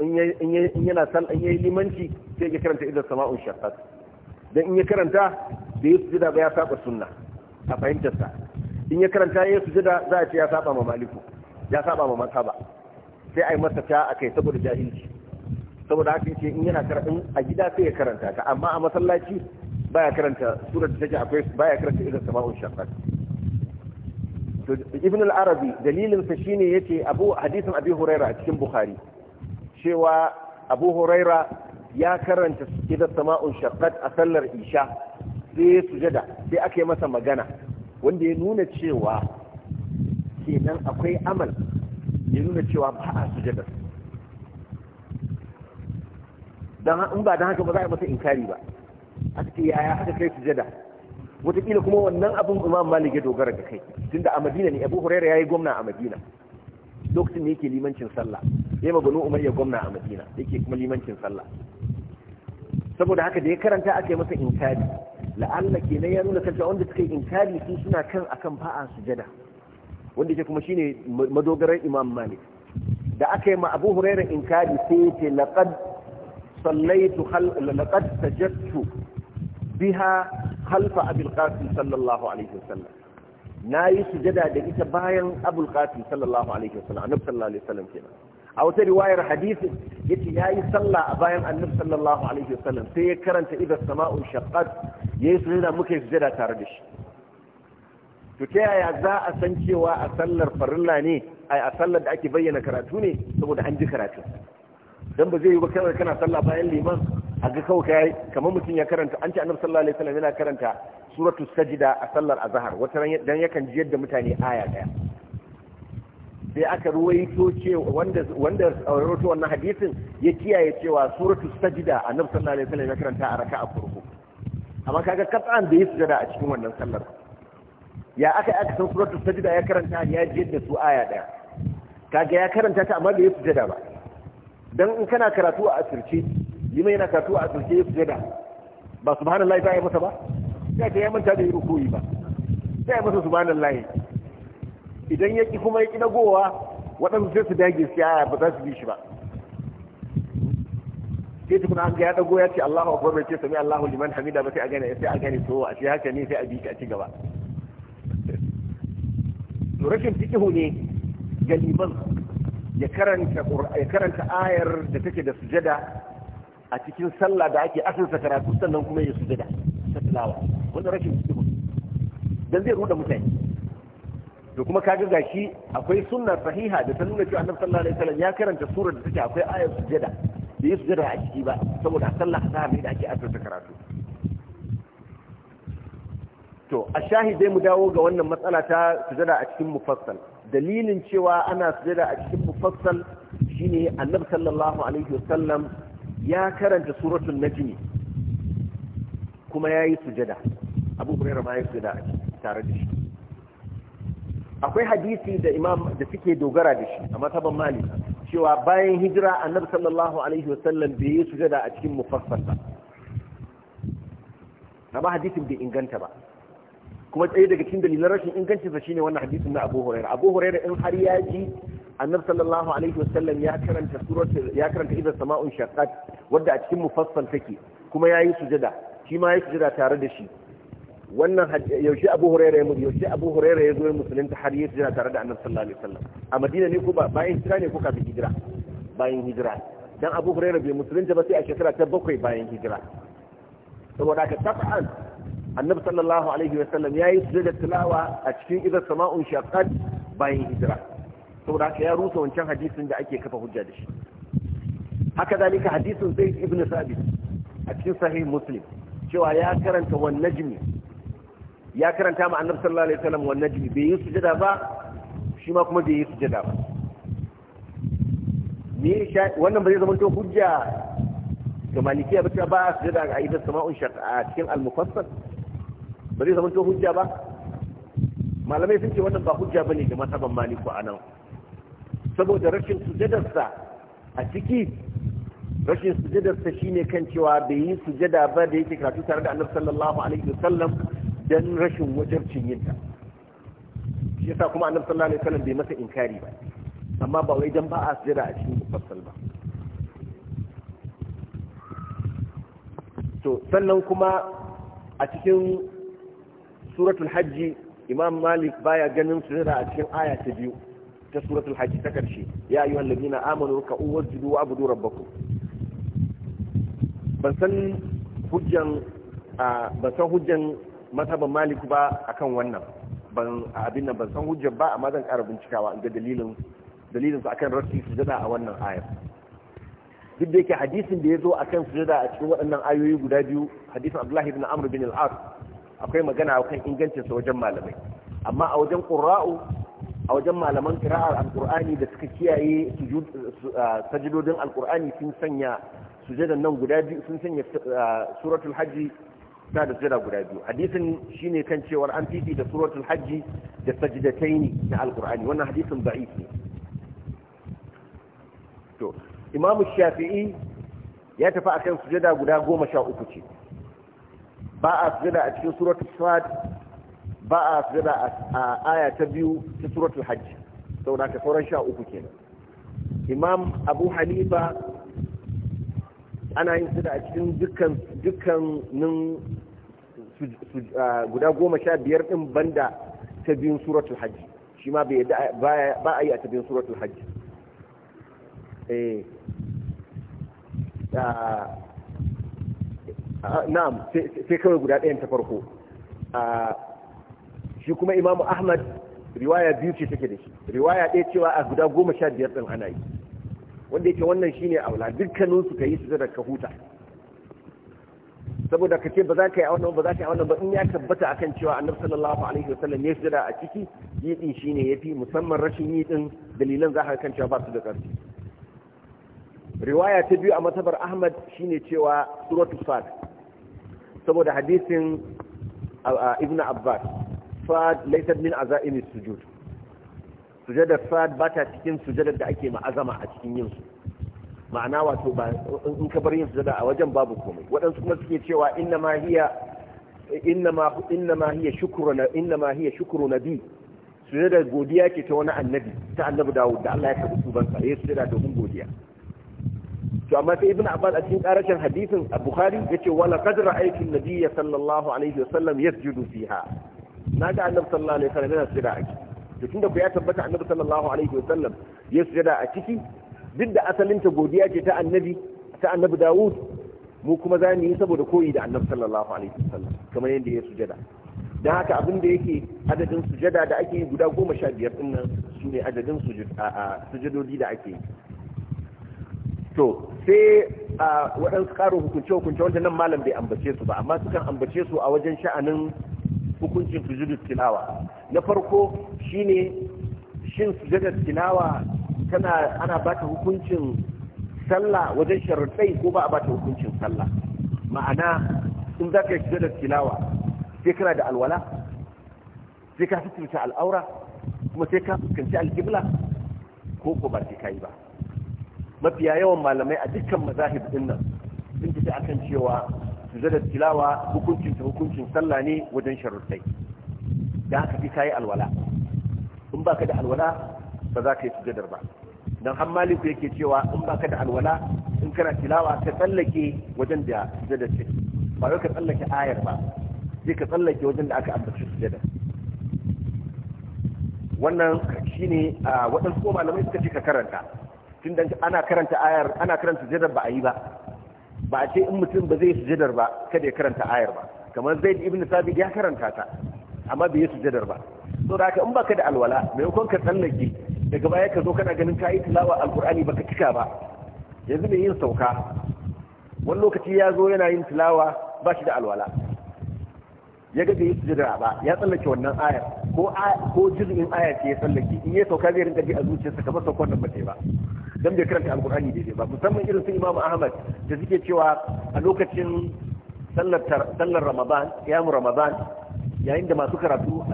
in yana sal in yi limanci sai ya karanta idan sama'un shaqqat dan in ya karanta da ya sujada ba ya saba sunna a fahimtar sa in ya karanta ya sujada za a ce ya saba ma maliku ya saba ma masaba sai ai masa ta akai saboda jahilci saboda haka yace in yana karanta a gida sai ya karanta ta amma a masallaci baya karanta surar da take akwai baya karanta idan sama'un shaqqat to ibn al-arabi dalilin sa shine yace abu hadisin abi huraira cikin bukhari cewa abu huraira ya karanta idan sama'un shaqqat a sallar isha sai sujada sai aka yi masa magana wanda ya nuna cewa kenan akwai amal ya nuna cewa ba a sujada dan in ba dan haka ba za a masa inkari ba a cikin yaya aka kai sujada wataƙila kuma wannan abin imam malik ya dogara ga kai tunda a madina ne abu huraira ya yi gwamna a madina lokacin da yake limancin sallah ya ma umar ya gwamna a madina yake kuma limancin sallah saboda haka da ya karanta aka yi masa inkari la'alla na ya nuna kanta wanda suka yi inkari su suna kan akan fa'a sujada wanda ke kuma shine madogarar imam malik da aka yi ma abu huraira inkari sai ya ce laqad sallaitu laqad sajadtu biha khalfa abul qasim sallallahu na yi sujada da ita bayan abul qasim sallallahu alaihi wasallam annabi sallallahu a wata riwayar hadisin yace yayi sallah a bayan annabi sallallahu alaihi wasallam sai ya karanta idan sama'un shaqqat yayi sujada muka sujada tare da shi to ta yaya za a san cewa a sallar farilla ne a sallar da ake bayyana karatu ne saboda an ji karatu dan ba zai yi ba kana kana sallah bayan liman a ga kawai kai kamar mutum ya karanta an ce annabi sallallahu alaihi wasallam yana karanta suratu sajda a sallar azhar wata ran dan yakan ji yadda mutane aya daya sai aka ruwaito cewa wanda wanda rawaito wannan hadisin ya kiyaye cewa suratu sajda annabi sallallahu alaihi wasallam ya karanta a raka'a farko amma kaga katsan da yake sujada a cikin wannan sallar ya aka aka san suratu sajda ya karanta ya ji yadda su aya daya kaga ya karanta ta amma bai sujada ba dan in kana karatu a asirce yi mai yana karatu a asirce ya sujada ba subhanallahi ta yi masa ba sai ta ya manta da yi rukuyi ba sai masa subhanallahi idan ya ki kuma ya ki dagowa waɗansu sai su dage su yaya ba za su bi shi ba sai tukuna an ga ya dago ya ce Allahu akbar bai ce sami Allahu liman hamida ba sai a gane sai a gane to a ce haka ne sai a bi ka ci gaba rashin fiqhu ne ga liman ya karanta ayar da take da sujada a cikin sallah da ake asinsa karatu sannan kuma ya sujada ta tilawa wanda rashin musulmi don zai ruda mutane to kuma kaga shi akwai sunna sahiha da ta nuna cewa annabi sallallahu alaihi wasallam ya karanta surar da take akwai ayar sujada da ya sujada a ciki ba saboda sallah azhar ne da ake asinsa karatu to a shahidai mu dawo ga wannan matsala ta sujada a cikin mufassal dalilin cewa ana sujada a cikin mufassal shine annabi sallallahu alaihi wasallam ya karanta suratul najmi kuma yayi sujada abu hurairah ma yayi sujada tare da shi akwai hadisi da imam da suke dogara da shi a mataban mali cewa bayan hijira annabi sallallahu alaihi wasallam bai yi sujada a cikin mufassal ba amma hadisin bai inganta ba kuma tsaye daga cikin dalilan rashin inganci sa shine wannan hadisin na Abu Hurairah Abu Hurairah in har ya ji Annabi sallallahu alaihi wasallam ya karanta surat ya karanta idza sama'un shaqqat wanda a cikin mufassal take kuma yayi sujada shi ma yayi sujada tare da shi wannan yaushe Abu Hurairah ya mu yaushe Abu Hurairah ya zo musulunta har yayi sujada tare da Annabi sallallahu alaihi wasallam a Madina ne ko ba bayan hijira ne ko kafin hijira bayan hijira dan Abu Hurairah bai musulunta ba sai a shekara ta bakwai bayan hijira saboda ka tab'an annabi sallallahu alaihi wasallam ya yi sujada tilawa a cikin idar sama'un shaqqat bayan hijira saboda haka ya rusa wancan hadisin da ake kafa hujja da shi haka dalika hadisin zaid ibn sabit a cikin sahih muslim cewa ya karanta wan najmi ya karanta ma annabi sallallahu alaihi wasallam wan najmi bai yi sujada ba shi ma kuma bai yi sujada ba me wannan bai zai zama to hujja ga malikiya ba ta ba sujada ga aidan sama'un shaqqat a cikin al-mufassal ba zai zama to hujja ba malamai sun ce wannan ba hujja bane ga mataban maliku a nan saboda rashin sujadarsa a ciki rashin sujadarsa shine kan cewa bai yi sujada ba da yake karatu tare da annabi sallallahu alaihi wasallam dan rashin wajabcin yin ta shi yasa kuma annabi sallallahu alaihi wasallam bai masa inkari ba amma ba wai dan ba a sujada a cikin mufassal ba to sannan kuma a cikin suratul hajji imam malik baya ganin sujada a cikin aya ta biyu ta suratul hajji ta karshe ya ayyuha allazina amanu ruk'u wasjudu wa'budu rabbakum ban san hujjan ban san hujjan mazhaban malik ba akan wannan ban ban san hujjan ba amma zan ƙara bincikawa ga dalilin dalilin su akan su sujada a wannan ayar duk da yake hadisin da ya zo a akan sujada a cikin waɗannan ayoyi guda biyu hadisin abdullahi ibn amr bin al-as akwai magana kan ingancin sa wajen malamai amma a wajen ƙura'u a wajen malaman qira'ar alqur'ani da suka kiyaye ah, sajidodin alqur'ani sun sanya sujadan nan guda biyu sun sanya ah, suratul hajji ta da sujada guda biyu hadisin shine kan cewar an fifi da suratul hajji da sajidataini na alqur'ani wannan hadisin da'if ne to imamu shafi'i ya tafi akan sujada guda goma sha uku ce ba a sujada a cikin suratul sa'ad ba a sujada a aya ta biyu ta suratul hajj sau ka sauran sha uku ke. imam abu hanifa ana yin sujada a cikin dukkan dukkanin guda goma sha biyar din banda ta biyun suratul hajj shi ma ba a yi a ta biyun suratul hajj eh Ah, na'am sai kawai guda ɗayan ta farko ah, shi kuma imamu ahmad riwaya biyu ce take da shi riwaya ɗaya cewa a guda goma sha biyar ɗin ana yi wanda yake wannan shi ne aula dukkanin su ka yi su da ka huta saboda ka ce ba za ka yi a wannan ba za ka yi a wannan ba in ya tabbata akan cewa annabi sallallahu alaihi wasallam ya zara a ciki yi din ya fi musamman rashin yi din dalilan za ka kan cewa ba su da ƙarfi riwaya ta biyu a matabar ahmad shine cewa suratu fat saboda hadisin ibn abbas fad laysa min azaimi sujud sujadar fat ba ta cikin sujadar da ake ma'azama a cikin yin su ma'ana wato ba in ka bar yin sujada a wajen babu komai waɗansu kuma suke cewa inna ma hiya inna ma inna ma hiya shukru na inna ma hiya shukru nabi sujadar godiya ce ta wani annabi ta annabi dawud da Allah ya karbi tubansa yayin sujada domin godiya to amma sai ibn abbas a cikin karashin hadisin a bukhari yace wala qadra ra'aytu an sallallahu alaihi wasallam yasjudu fiha naga annabi sallallahu alaihi wasallam yana sujada a ciki to tunda ku ya tabbata annabi sallallahu alaihi wasallam ya sujada a ciki duk da asalin ta godiya ce ta annabi ta annabi dawud mu kuma za mu yi saboda koyi da annabi sallallahu alaihi wasallam kamar yadda ya sujada da haka abin da yake adadin sujada da ake yi guda goma sha biyar ɗin nan su ne adadin sujudodi da ake yi to sai a waɗansu ƙarin hukunce-hukunce wanda nan malam bai ambace su ba amma sukan ambace su a wajen sha'anin hukuncin sujudu tilawa na farko shine shin sujudar tilawa tana ana ba ta hukuncin sallah wajen sharuɗai ko ba a ba ta hukuncin sallah ma'ana in za ka yi sujudar tilawa sai kana da alwala sai ka fitinta al'aura kuma sai ka fuskanci alƙibla ko ko ba sai ka yi ba mafiya yawan malamai a dukkan mazahib din nan sun fita akan cewa su sujadar tilawa hukuncin ta hukuncin sallah ne wajen sharuɗai da aka fi kayi alwala in baka da alwala ba za ka yi sujadar ba dan har maliku yake cewa in baka da alwala in kana tilawa ka tsallake wajen da sujadar ce ba wai ka tsallake ayar ba sai ka tsallake wajen da aka ambaci sujadar wannan shine waɗansu ko malamai suka ce ka karanta da ana karanta ayar ana karanta sujadar ba a yi ba ba a ce in mutum ba zai sujadar ba kada ya karanta ayar ba kamar zaid ibn sabi ya karanta ta amma bai yi sujadar ba so da haka in ka da alwala maimakon ka tsallake daga baya ka zo kana ganin ka yi tilawa alqur'ani baka cika ba yanzu mai yin sauka wani lokaci ya zo yana yin tilawa ba shi da alwala ya ga bai yi sujada ba ya tsallake wannan ayar ko ko ayar aya ce ya tsallake in ya sauka zai rinka bi a zuciyarsa kamar saukon nan ba ba dan bai karanta alkur'ani daidai ba musamman irin su imamu ahmad da suke cewa a lokacin sallar ramadan yamu ramadan yayin da masu karatu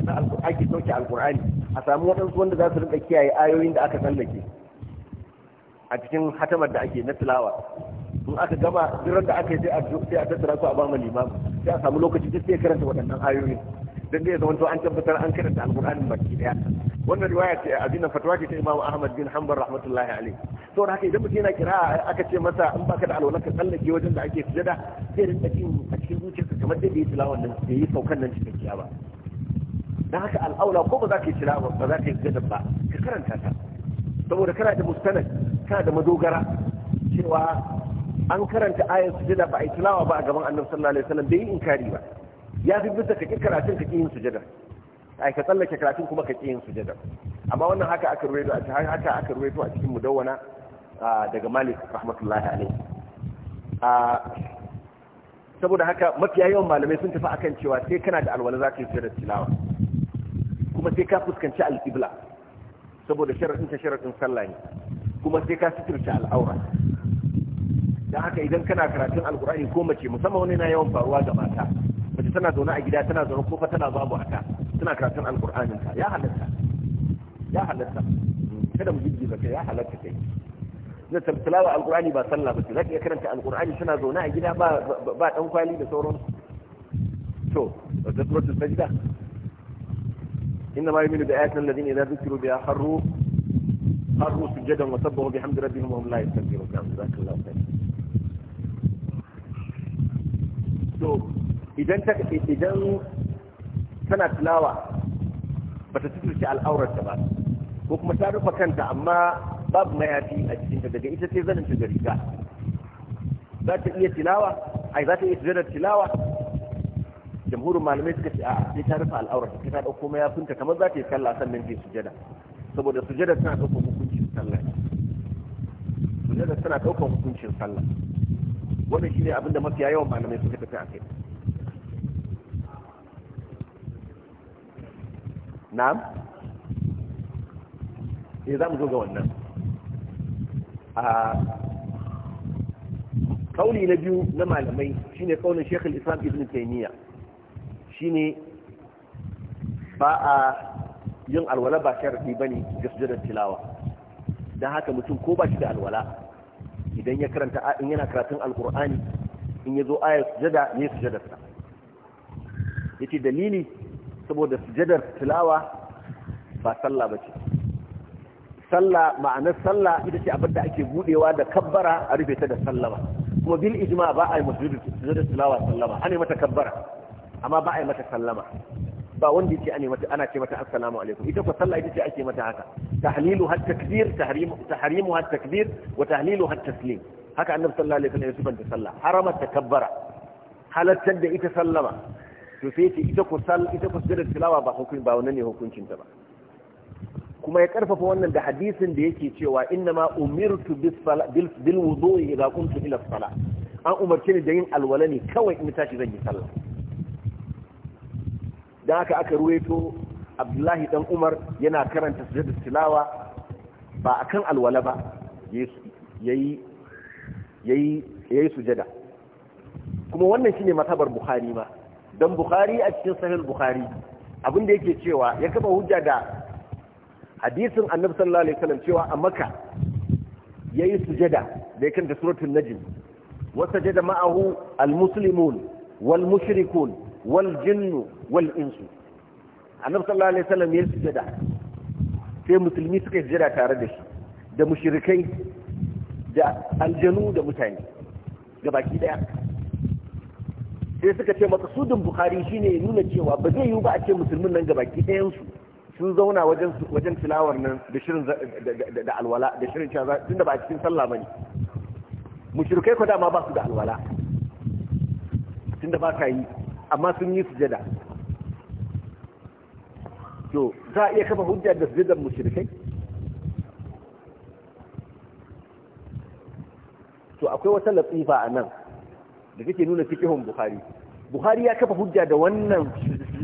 ake sauke alkur'ani a samu waɗansu wanda za su rinka kiyaye ayoyin da aka sallake a cikin hatamar da ake na tilawa in aka gama duk da aka yi sai a tattara su a bama limamu sai a samu lokaci duk sai karanta waɗannan ayoyin dan dai zaman to an tabbatar an karanta alqur'ani baki daya wannan riwaya ce abin fatwa ce ta Imam Ahmad bin Hanbal rahmatullahi alaihi to haka idan mutum yana kira aka ce masa in baka da alwala ka tsallake wajen da ake sujada sai rinka jin a cikin zuciyarsa kamar da bai tilawa nan bai yi saukan nan cikakkiya ba dan haka al'aula ko ba za ka yi tilawa ba za ka yi sujada ba ka karanta ta saboda kana da mustanad kana da madogara cewa an karanta ayar sujada ba a yi tilawa ba a gaban Annabi sallallahu alaihi wasallam bai yi inkari ba ya fi bisa ka ƙi karatun ka ƙi yin sujada ai ka tsallake karatun kuma ka ƙi yin sujada amma wannan haka aka ruwaito a haka aka ruwaito a cikin mudawwana daga Malik rahmatullahi alaihi saboda haka mafiya yawan malamai sun tafi akan cewa sai kana da alwala za ka yi sujada tilawa kuma sai ka fuskanci alƙibla saboda sharaɗin ta sharaɗin sallah ne kuma sai ka suturta al'aura don haka idan kana karatun Alqur'ani ko mace musamman wani na yawan faruwa ga mata tana zaune a gida tana zaune kofa tana babu haka tana karatun alkur'anin ta ya halatta ya halatta kada mu jijjiza ya halatta kai na tilawa alkur'ani ba sallah ba ce zaka iya karanta alkur'ani tana zaune a gida ba ba dan kwali da sauran to da suratul sajda إنما يؤمن بآياتنا الذين إذا ذكروا بها خروا خروا سجدا وسبحوا بحمد ربهم وهم لا يستكبرون جزاك الله خير. idan ta idan tana tilawa bata tuturce al'aurarta ba ko kuma ta rufe kanta amma babu mayafi a cikinta daga ita sai zanin ta riga za ta iya tilawa ai za ta iya tilawa tilawa jamhurin malamai suka ce a sai ta rufe al'aurarta ta dauko mayafinta kamar za ta yi sallah sannan ta sujada saboda sujada tana dauko hukuncin sallah sujada tana dauko hukuncin sallah wannan shine abinda mafiya yawan malamai suka tafi a kai na'am eh za mu zo ga wannan a ah, kauli na biyu na malamai shine kaunin shekul Islam Ibn Shi ne ba a yin alwala ba ba ne ga sujadar tilawa don haka mutum ko ba shi da alwala idan ya karanta in yana karatun alkur'ani in ya zo ayar sujada ne sujadarsa ce dalili saboda sujadar tilawa ba sallah ba ce sallah ma'anar sallah ita ce abinda ake budewa da kabbara a rufe ta da sallama kuma bil ijma ba a yi mata sujudar tilawa sallama ana mata kabbara amma ba a yi mata sallama ba wanda yake ana mata ana ce mata assalamu alaikum ita ko sallah ita ce ake mata haka tahlilu har takbir tahrimu tahrimu har takbir wa tahlilu har taslim haka annabi sallallahu alaihi wasallam ya subanta sallah haramar takabbara halattar da ita sallama to sai ce ita ku sal ita ku tilawa ba hukunci ba wannan ne hukuncin ta ba kuma ya karfafa wannan da hadisin da yake cewa inna ma umirtu bil wudu'i idza kuntu ila sala an umarce ni da yin alwala ne kawai in tashi zan yi sallah dan haka aka ruwaito Abdullahi dan Umar yana karanta sujjada tilawa ba akan alwala ba yayi yayi yayi sujada kuma wannan shine matabar Bukhari ma dan bukhari a cikin sahih bukhari abin da yake cewa ya kafa hujja da hadisin annabi sallallahu alaihi wasallam cewa a makka yayi sujada da yake da suratul najm wa sajada ma'ahu almuslimun wal mushrikun wal jinnu wal insu annabi sallallahu alaihi wasallam yayi sujada sai musulmi suka yi sujada tare da shi da mushrikai da aljanu da mutane gabaki daya sai suka ce makasudin bukhari shine nuna cewa ba zai yiwu ba a ce musulmin nan baki ɗayan su sun zauna wajen wajen tilawar nan da shirin da alwala da shirin cewa tunda ba a cikin sallah bane mushrikai ko dama ba su da alwala tunda ba ka yi amma sun yi sujada to za a iya kafa hujja da sujadar mushrikai to akwai wata latifa a nan da take nuna fiqhun bukhari bukhari ya kafa hujja da wannan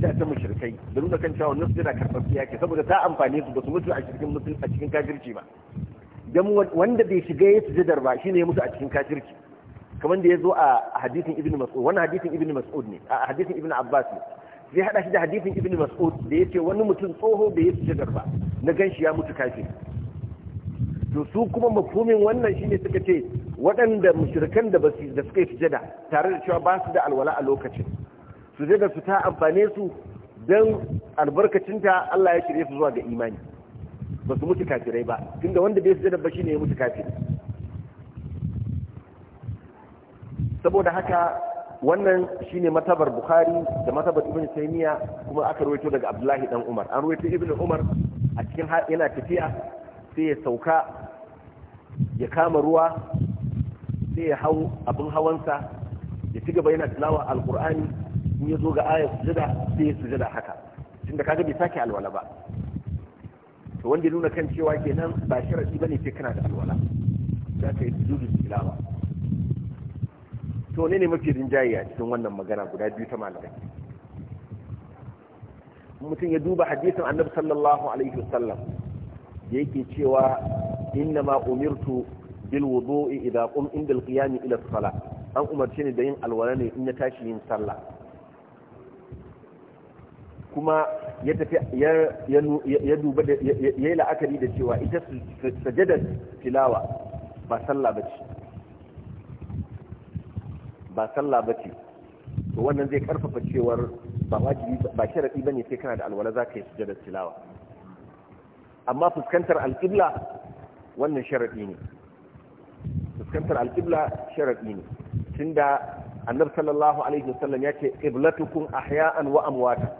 da ta mushrikai da nuna kan cewa wannan sujada karfafiya ce saboda ta amfane su ba su mutu a cikin mutum a cikin kafirci ba dan wanda bai shiga ya sujadar ba shine ya mutu a cikin kafirci kamar da ya zo a hadisin ibn mas'ud wannan hadisin ibn mas'ud ne a hadisin ibn abbas ne sai hada shi da hadisin ibn mas'ud da ya wani mutum tsoho da ya sujadar ba na ganshi ya mutu kafiri to su kuma mafumin wannan shine suka ce waɗanda mushrikan da da suka yi sujada tare da cewa ba su da alwala a lokacin sujada su ta amfane su dan albarkacinta Allah ya shirye su zuwa ga imani ba su mutu kafirai ba tunda wanda bai sujada ba shine ya mutu kafiri saboda haka wannan shine matabar bukhari da matabar ibn taymiya kuma aka rawaito daga abdullahi dan umar an rawaito ibn umar a cikin yana tafiya sai ya sauka ya kama ruwa sai ya hau abin hawansa ya ci gaba yana tilawa alkur'ani in ya zo ga ayar sujada sai ya sujada haka tunda kaga bai sake alwala ba to wanda nuna kan cewa kenan ba sharadi bane sai kana da alwala za ka yi sujudu tilawa to ne ne mafi rinjaye a cikin wannan magana guda biyu ta malamai mutum ya duba hadisin annabi sallallahu alaihi wasallam da yake cewa inna ma umirtu bil wudu'i idza qum inda al qiyam ila salat an umarce ni da yin alwala ne in ya tashi yin sallah kuma ya tafi ya duba da ya yi la'akari da cewa ita sajadar tilawa ba sallah bace ba sallah bace to wannan zai karfafa cewar ba wajibi ba sharadi ne sai kana da alwala ka yi sujadar tilawa amma fuskantar alƙibla wannan sharaɗi ne fuskantar alƙibla sharaɗi ne tunda annabi sallallahu alaihi wasallam ya ce qiblatukum ahya'an wa amwata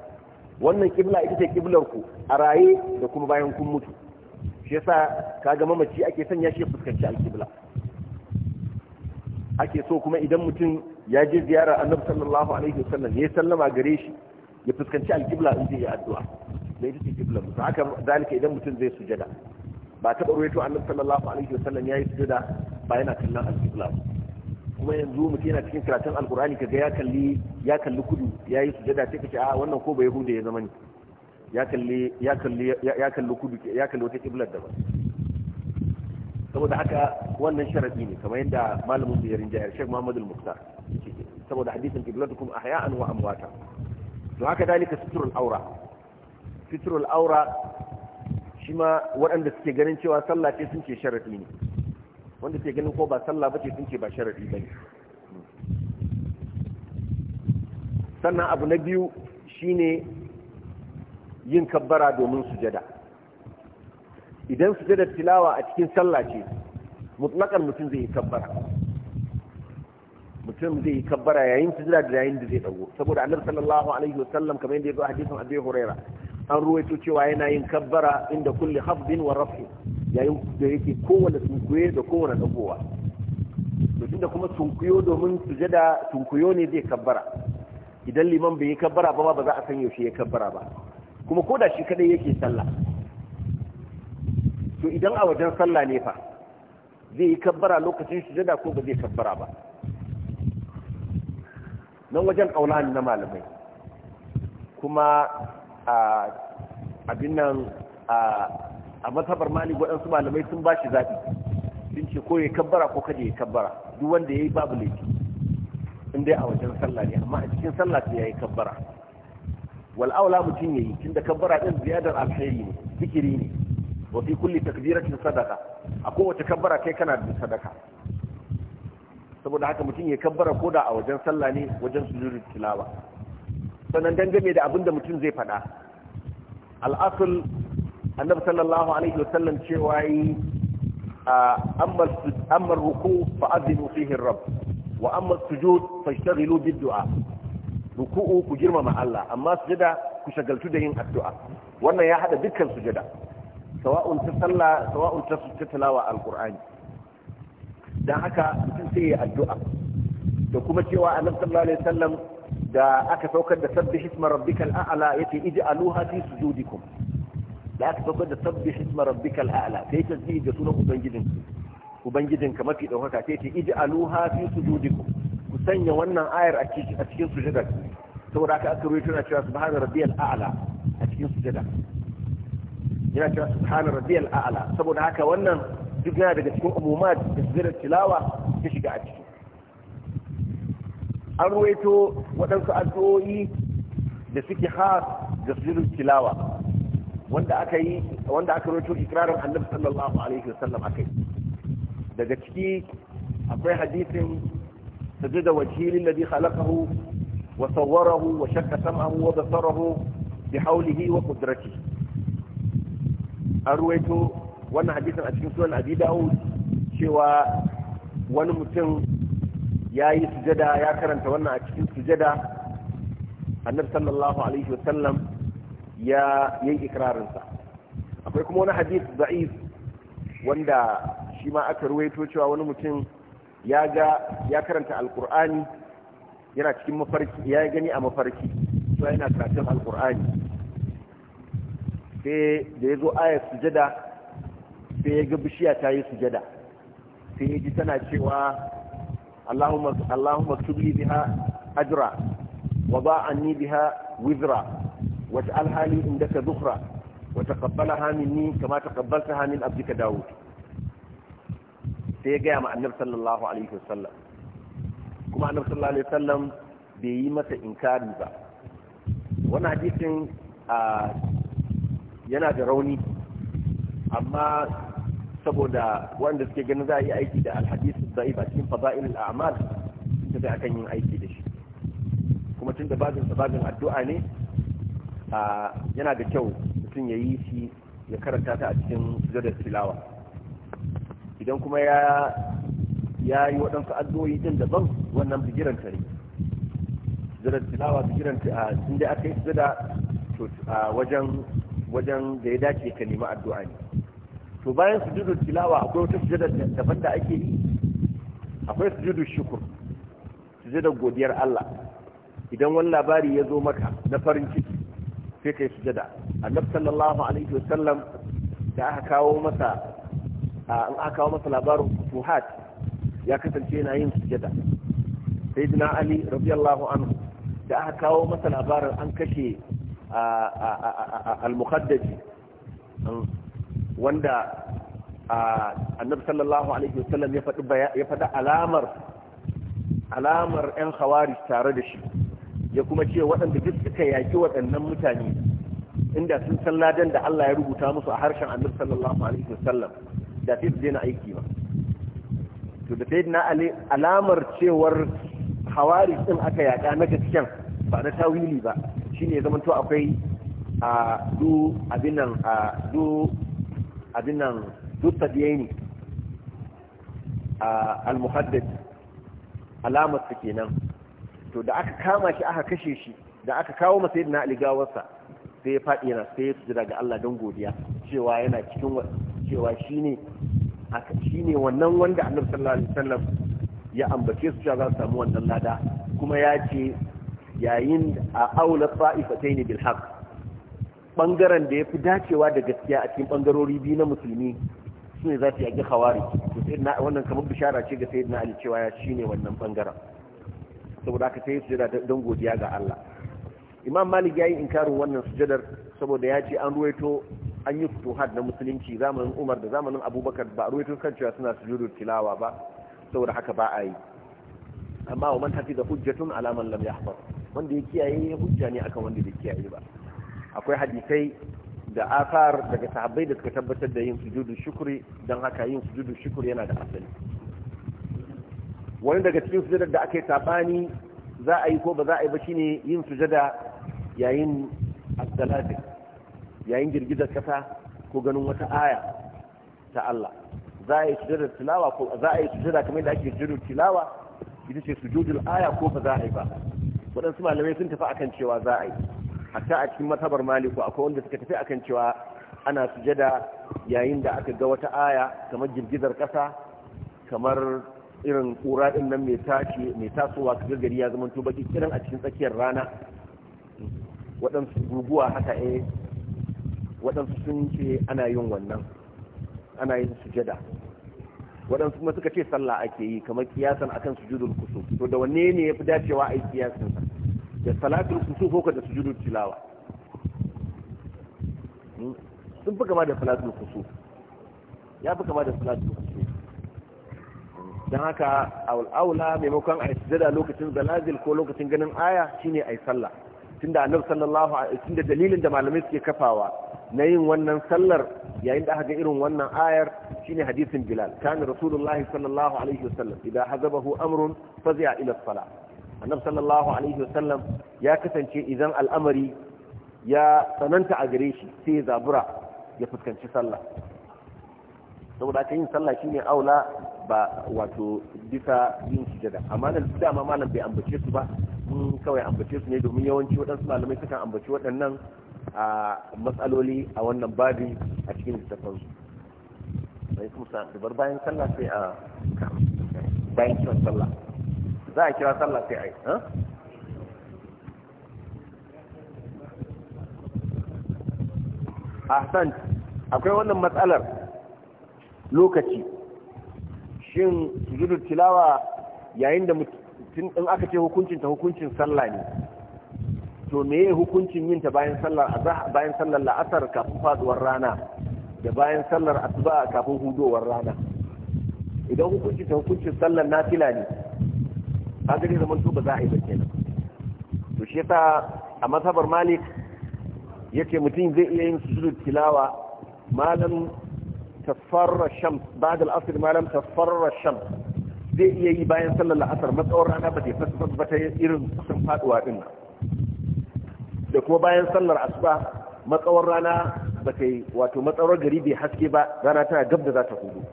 wannan ƙibla ita ce ƙiblarku ku a raye da kuma bayan kun mutu shi yasa kaga mamaci ake sanya shi fuskanci alƙibla ake so kuma idan mutum ya je ziyara annabi sallallahu alaihi wasallam ya sallama gare shi ya fuskanci alƙibla in je ya addu'a da ita ce kiblar musu haka zalika idan mutum zai sujada ba taɓa ruwaito annabi sallallahu alaihi wasallam yayi sujada ba yana kallon alƙibla kuma yanzu mutum yana cikin karatun alƙur'ani kaga ya kalli ya kalli kudu yi sujada sai kace a ah, wannan ko ba yahuda ya zama ne ya kalli ya kalli ya kalli kudu ya kalli wata kiblar daban saboda haka wannan sharadi ne kamar yadda malamin su ya rinjayar Sheikh Muhammad Al-Muqtar saboda hadisin kiblatukum ahya'an wa amwata to haka dalika sutrul aura fitrul aura shi ma waɗanda suke ganin cewa sallah ce sun ce sharaɗi ne wanda ke ganin ko ba sallah ba ce sun ce ba sharaɗi ba ne sannan abu na biyu shine yin kabbara domin sujada idan sujada tilawa a cikin sallah ce mutlakan mutum zai yi kabbara mutum zai yi kabbara yayin sujada da yayin da zai ɗago saboda annabi sallallahu alaihi wasallam kamar yadda ya zo a hadisin abi huraira an ruwaito cewa yana yin kabbara inda kulli hafdin wa rafi yayin da yake kowane tunkuye da kowane dagowa to da kuma tunkuyo domin sujada tunkuyo ne zai kabbara idan liman bai yi kabbara ba ba za a san yaushe ya kabbara ba kuma ko da shi kadai yake sallah to idan a wajen sallah ne fa zai yi kabbara lokacin sujada ko ba zai kabbara ba nan wajen kaulani na malamai kuma a abin nan a matsabar mali waɗansu malamai sun ba shi zaɓi sun ce ko ya kabbara ko kada ya kabbara duk wanda ya yi babu laifi in dai a wajen sallah ne amma a cikin sallah sai ya yi kabbara wal'aula mutum ya yi tun da kabbara ɗin ziyadar alheri ne fikiri ne wa fi kulli takbiratin sadaka a kowace kabbara kai kana da sadaka saboda haka mutum ya kabbara koda a wajen sallah ne wajen sujudu tilawa sannan dangane da abin da mutum zai faɗa al'asul annabi sallallahu alaihi wasallam cewa yi amma ruku fa azinu fihi rabb wa amma sujud fashtaghilu bid du'a ruku'u ku girmama Allah amma sujada ku shagaltu da yin addu'a wannan ya hada dukkan sujada sawa'un ta sallah sawa'un ta tilawa alqur'ani dan haka mutum sai ya addu'a da kuma cewa annabi sallallahu alaihi wasallam da aka saukar da sabbi hisma rabbikal a'la yace ij'aluha fi sujudikum da aka saukar da sabbi hisma rabbikal a'la sai ta ji da sunan ubangijin ubangijin ka mafi daukaka sai ta ij'aluha fi sujudikum ku sanya wannan ayar a cikin a sujada saboda aka aka rubuta na cewa subhana rabbiyal a'la a cikin sujada yana cewa subhana rabbiyal a'la saboda haka wannan duk yana daga cikin umumat da sujada tilawa ta shiga a ciki an ruwaito waɗansu addu'o'i da suke har da sujudul tilawa wanda aka yi wanda aka ruwaito ikrarin annabi sallallahu alaihi wasallam akai daga ciki akwai hadisin sajada wajhilil ladhi khalaqahu wa sawwarahu wa shakka sam'ahu wa basarahu bi hawlihi wa qudratihi an ruwaito wannan hadisin a cikin sunan abi da'ud cewa wani mutum ya yi sujada ya karanta wannan a cikin sujada annabi sallallahu alaihi wa sallam ya yi ikrarinsa akwai kuma wani hadith da'if wanda shi ma aka ruwaito cewa wani mutum ya ga ya karanta alqur'ani yana cikin mafarki ya gani a mafarki cewa yana karatun alkur'ani sai da ya zo ayar sujada sai ya ga bishiya ta yi sujada sai ya ji tana cewa اللهم اللهم اكتب لي بها أجرا وضاع عني بها وزرا واجعلها لي عندك ذخرا وتقبلها مني كما تقبلتها من عبدك داود sai ya gaya ma annabi sallallahu alaihi wasallam kuma annabi sallallahu alaihi wasallam bai yi masa inkari ba wannan hadisin yana da rauni amma saboda wanda suke ganin za a yi aiki da alhadis da'if ba cikin fada'il al'amal ta da akan yin aiki da shi kuma tun da babin sababin addu'a ne yana da kyau mutum ya yi shi ya karanta ta a cikin sujadar tilawa idan kuma ya ya yi waɗansu addu'o'i din daban wannan bigiran tare sujadar tilawa bigiran sun da aka yi sujada to wajen wajen da ya dace ka nemi addu'a ne to bayan sujudu tilawa akwai wata sujada daban da ake yi akwai sujudu shukur sujudar godiyar Allah idan wani labari ya zo maka na farin ciki sai kai sujada annab sallallahu alaihi wa sallam da aka kawo masa an aka kawo masa labarin fuhat ya kasance yana yin sujada sayyidina ali radiyallahu anhu da aka kawo masa labarin an kashe al-muqaddaji um, wanda annabi sallallahu alaihi wasallam ya faɗi ya faɗi alamar alamar ɗan khawari tare da shi ya kuma ce waɗanda duk suka yaƙi waɗannan mutane inda sun san ladan da Allah ya rubuta musu a harshen annabi sallallahu alaihi wasallam da sai su daina aiki ba to da sai na alamar cewar khawari din aka yaƙa na gaskiyan ba na tawili ba shine ya zamanto akwai a du abinan a du abinan duttabiyaini a al-muhaddad alamar kenan to da aka kama shi aka kashe shi da aka kawo masa yadda na aligawarsa sai ya faɗi yana sai ya ji daga Allah don godiya cewa yana cikin cewa shine aka shine wannan wanda Annabi sallallahu alaihi wasallam ya ambace su cewa za su samu wannan lada kuma ya ce yayin a aula fa'ifataini bil haqq bangaren da ya fi dacewa da gaskiya a cikin bangarori biyu na musulmi sune ne za su yaƙi hawari to na wannan kamar bishara ce ga sayyidina ali cewa ya shine wannan bangaren saboda haka sai sujada don godiya ga Allah imam malik yayi inkarin wannan sujadar saboda ya ce an ruwaito an yi futuhat na musulunci zamanin umar da zamanin abubakar ba ruwaito kan cewa suna sujudar tilawa ba saboda haka ba a yi amma wa man tafi da hujjatun ala man lam yahfaz wanda ya kiyaye hujja ne akan wanda bai kiyaye ba akwai hadisai da asar daga sahabbai da suka tabbatar da yin sujudu shukuri don haka yin sujudu shukuri yana da asali wani daga cikin sujadar da aka yi sabani za a yi ko ba za a yi ba shine yin sujada yayin asalatin yayin girgizar kasa ko ganin wata aya ta Allah za a yi sujadar tilawa ko za a yi sujada kamar da ake sujudul tilawa ita ce sujudul aya ko ba za a yi ba waɗansu malamai sun tafi akan cewa za a yi hatta a cikin masabar maliku akwai wanda suka tafi akan cewa ana sujada yayin da aka ga wata aya kamar girgizar kasa kamar irin kura din nan mai tashi mai tasowa ga gari ya zama to baki kiran a cikin tsakiyar rana waɗansu guguwa haka eh waɗansu sun ce ana yin wannan ana yin sujada waɗansu kuma suka ce sallah ake yi kamar kiyasan akan sujudul kusur to da wanne ne yafi dacewa a yi kiyasin da salatul kusuf ko da sujudul tilawa hmm? sun fi kama da salatul kusuf ya fi kama da salatul kusuf don haka aula maimakon a sujada lokacin zalazil ko lokacin ganin aya shine ai sallah tunda annabi sallallahu alaihi tunda dalilin da malamai suke kafawa na yin wannan sallar yayin da aka ga irin wannan ayar shine hadisin bilal kana rasulullahi sallallahu alaihi wasallam idan hazabahu amrun fazi'a ila fala. annabi sallallahu alaihi wasallam ya kasance idan al'amari ya tsananta a gare shi sai ya zabura ya fuskanci sallah saboda aka yin sallah shine aula ba wato bisa yin sujada amma nan dama malam bai ambace su ba mun kawai ambace su ne domin yawanci waɗansu malamai sukan ambaci waɗannan a matsaloli a wannan babi a cikin littafansu bai kuma sa dabar bayan sallah sai a bayan kiran sallah za a kira sallah sai a yi ahsan akwai wannan matsalar lokaci shin sujudu tilawa yayin da in aka ce hukuncin ta hukuncin sallah ne to meye hukuncin yin ta bayan sallar azhar bayan sallar la'asar kafin faduwar rana da bayan sallar asuba kafin hudowar rana idan hukuncin ta hukuncin sallar nafila ne kaga ne zaman to ba za a yi ba kenan to shi yasa a mazhabar malik yace mutum zai iya yin sujudul tilawa malam tafarra shams ba'da al-asr malam tafarra shams zai iya yi bayan sallar la'asar matsawar rana ba ta fasfas ba ta irin sun faduwa din da kuma bayan sallar asuba matsawar rana ba ta wato matsawar gari bai haske ba rana tana gab da za ta hudu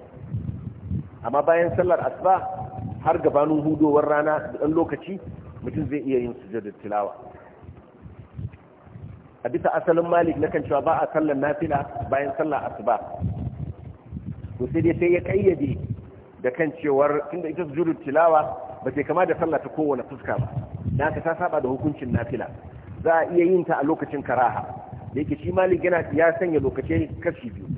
amma bayan sallar asuba har gabanin hudowar rana da ɗan lokaci mutum zai iya yin sujadar tilawa a bisa asalin malik na kan cewa ba a sallar nafila bayan sallar asuba to sai dai sai ya kayyade da kan cewar tunda ita sujudar tilawa ba sai kama da sallah ta kowane fuska ba dan ta saba da hukuncin nafila za a iya yin ta a lokacin karaha da yake shi malik yana ya sanya lokacin kashi biyu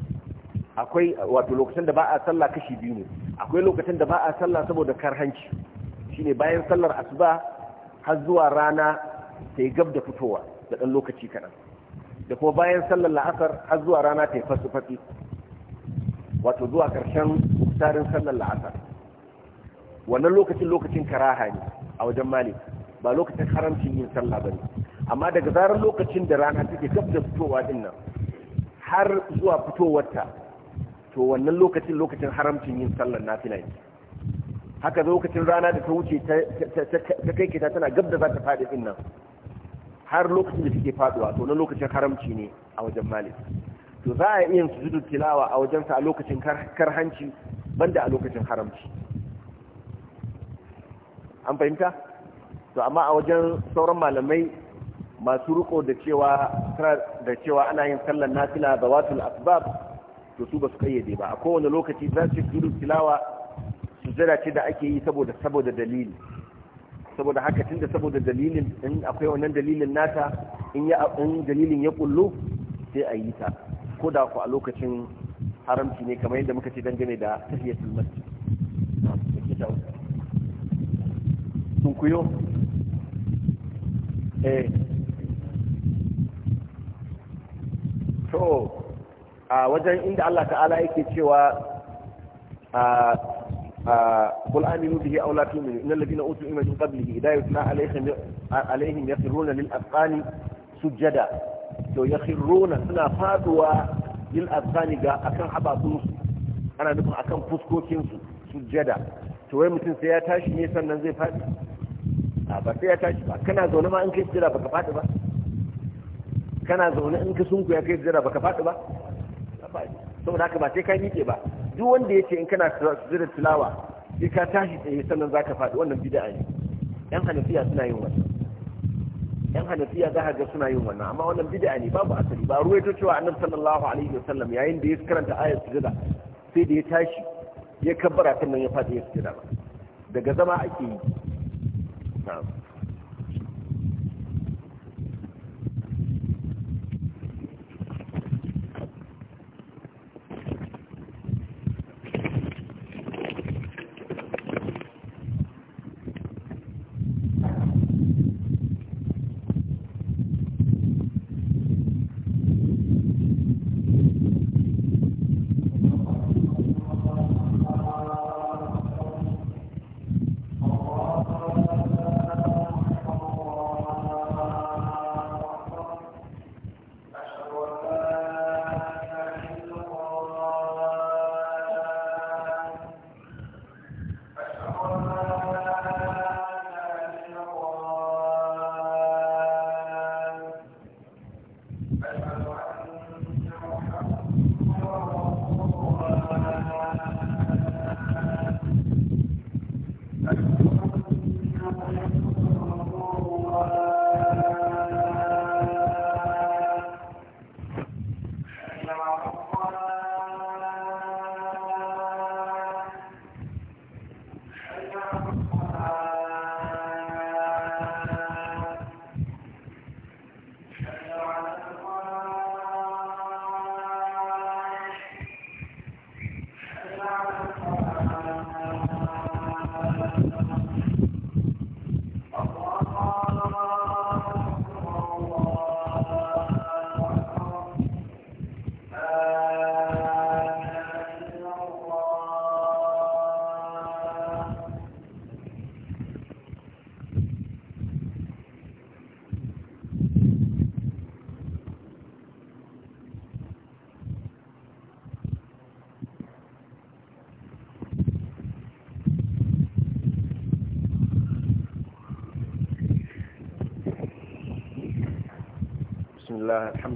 akwai wato lokacin da ba a sallah kashi biyu ne akwai lokacin da ba a sallah saboda karhanci shine bayan sallar asuba har zuwa rana ta yi gab da fitowa da ɗan lokaci kaɗan da kuma bayan sallar la'asar har zuwa rana ta yi fasu fatsi wato zuwa ƙarshen tsarin sallar la'asar wannan lokacin lokacin karaha ne a wajen malik ba lokacin haramcin yin sallah ba ne amma daga zarar lokacin da rana take gab da fitowa dinnan nan har zuwa fitowarta to wannan lokacin lokacin haramcin yin sallar nafila ne haka lokacin rana da ta wuce ta kai kita tana gab da za ta faɗi ɗin nan har lokacin da suke faɗuwa to na lokacin haramci ne a wajen malik to za a iya su sujudu tilawa a wajensa a lokacin karhanci banda a lokacin haramci an fahimta to amma a wajen sauran malamai masu riko da cewa da cewa ana yin sallar nafila da watul asbab to su ba su kayyade ba a kowane lokaci za su sujudu tilawa zara ce da ake yi saboda saboda dalili saboda haka tun da saboda dalilin in akwai wannan dalilin nata in ya in dalilin ya kullu sai a yi ta ko da ku a lokacin haramci ne kamar yadda muka ce dangane da tafiya masjid sun kuyo eh to a wajen inda Allah ta'ala yake cewa a kul aminu bihi aw la tu'minu innal ladina utu ilma min qablihi idha yutla alayhim alayhim yakhruna lil athqani sujada to yakhruna suna faduwa lil athqani ga akan ababun su ana nufin akan fuskokin su sujada to wai mutum sai ya tashi ne sannan zai fadi a ba sai ya tashi ba kana zaune ma in kai sujada baka fadi ba kana zaune in ka sunku ya kai sujada baka fadi ba kafa saboda haka ba sai ka miƙe ba duk wanda yace in kana zira tilawa sai ka tashi tsaye sannan zaka faɗi wannan bid'a ne yan hanafiya suna yin wannan yan hanafiya za ga suna yin wannan amma wannan bid'a ne babu asali ba to cewa annabi sallallahu alaihi wasallam yayin da ya karanta ayat sujada sai da ya tashi ya kabbara sannan ya faɗi ya sujada ba daga zama ake yi na'am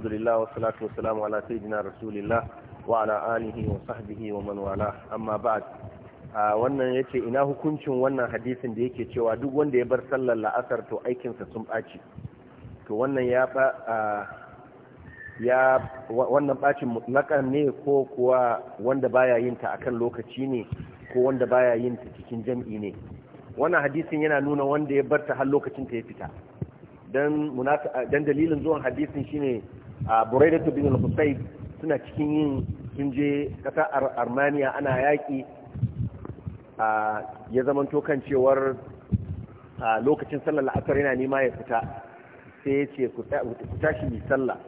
alhamdulillah wa salatu wa salamu ala sayyidina rasulillah wa ala alihi wa sahbihi wa man wala amma ba'd wannan yace ina hukuncin wannan hadisin da yake cewa duk wanda ya bar sallar la'asar to aikinsa sun ɓaci to wannan ya ba ya wannan bacin mutlakan ne ko kuwa wanda baya yin ta akan lokaci ne ko wanda baya yin ta cikin jam'i ne wannan hadisin yana nuna wanda ya bar ta har lokacin ta ya fita dan dan dalilin zuwan hadisin shine a buraidatu bin al-husayb suna cikin yin sun je kasar armenia ana yaƙi ya zamanto kan cewar lokacin sallar la'asar yana nema ya fita sai ya ce ku tashi mai sallah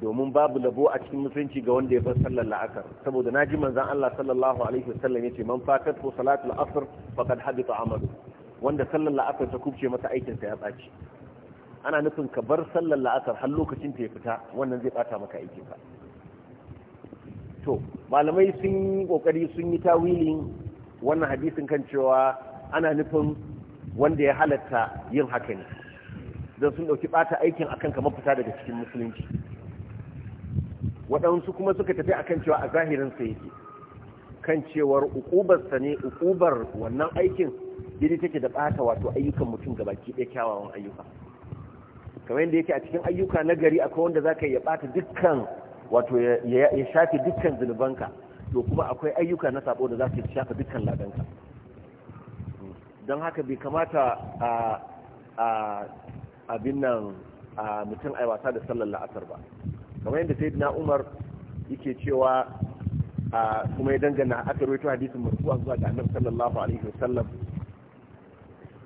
domin babu labo a cikin musulunci ga wanda ya bar sallar la'asar saboda naji manzon Allah sallallahu alaihi wasallam ce man fakar ko Salatu asr faqad habita amalu wanda sallar la'asar ta kubce masa aikin sa ya tsaci ana nufin ka bar sallar la'asar har lokacin ta ya fita wannan zai bata maka aikin ka to malamai sun yi kokari sun yi tawilin wannan hadisin kan cewa ana nufin wanda ya halatta yin haka ne don sun dauki bata aikin akan kamar fita daga cikin musulunci waɗansu kuma suka tafi akan cewa a zahirin sa yake kan cewar ukubar sa ne ukubar wannan aikin daidai take da ɓata wato ayyukan mutum baki ɗaya kyawawan ayyuka kamar yadda yake a cikin ayyuka na gari akwai wanda zaka ya bata dukkan wato ya shafe dukkan zunubanka to kuma akwai ayyuka na sabo da za su shafe dukkan ladanka don haka bai kamata a abin nan mutum yi wasa da sallar la'asar ba kamar yadda na Umar yake cewa kuma ya dangana aka rawaito hadisin marfu'a zuwa ga Annabi sallallahu alaihi wasallam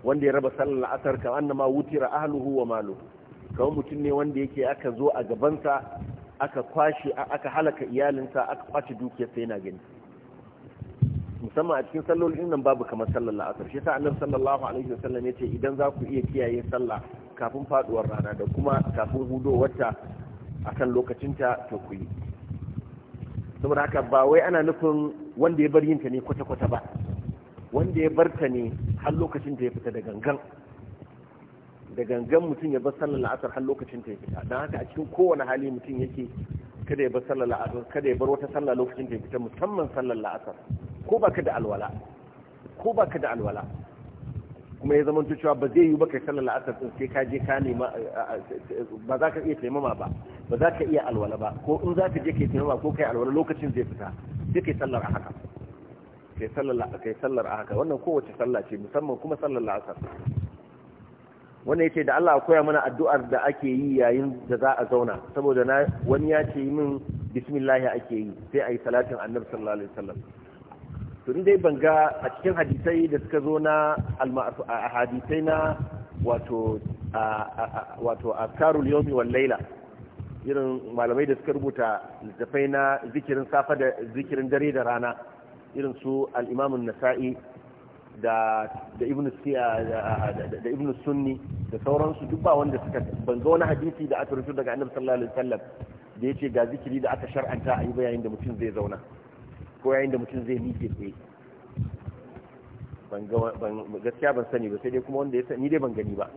wanda ya raba sallar la'asar kan annama wutira ahluhu wa maluhu kawo mutum ne wanda yake aka zo a gabansa aka kwashe aka halaka iyalinsa aka kwace sai yana gani musamman a cikin sallolin nan babu kamar sallar la'asar shi annabi sallallahu alaihi wasallam yace idan za ku iya kiyaye sallah kafin faduwar rana da kuma kafin hudowarta akan lokacinta to ku yi saboda haka ba wai ana nufin wanda ya bar yinta ne kwata-kwata ba wanda ya bar ta ne har lokacin da ya fita da gangan da gangan mutum ya bar sallar la'asar har lokacin ta ya fita don haka a cikin kowane hali mutum yake kada ya bar sallar la'asar kada ya bar wata sallar lokacin ta ya fita musamman sallar la'asar ko ba ka da alwala ko ba ka da alwala kuma ya zama cewa ba zai yi ba kai sallar la'asar din sai ka je ka nema ba za ka iya taimama ba ba za ka iya alwala ba ko in za ka je kai taimama ko kai alwala lokacin zai fita sai kai sallar a haka kai sallar a haka wannan kowace sallah ce musamman kuma sallar la'asar wannan ce da Allah koya mana addu'ar da ake yi yayin da za a zauna saboda na wani ya ce min bismillah ake yi sai ayi salatin annabi sallallahu alaihi wasallam to dai ban ga a cikin hadisai da suka zo na a hadisai na wato wato askarul yawmi wal laila irin malamai da suka rubuta littafai na zikirin dare da rana irin su al nasai da ibn sunni da sauransu duk ba wanda suka ban ga wani hadisi da aka rubuta daga annabi sallallahu alaihi wasallam da yace ga zikiri da aka shar'anta a yi bayanin da mutum zai zauna ko yayin da mutum zai miƙe tsaye gaskiya ban sani ba sai dai kuma wanda ya sani dai ban gani ba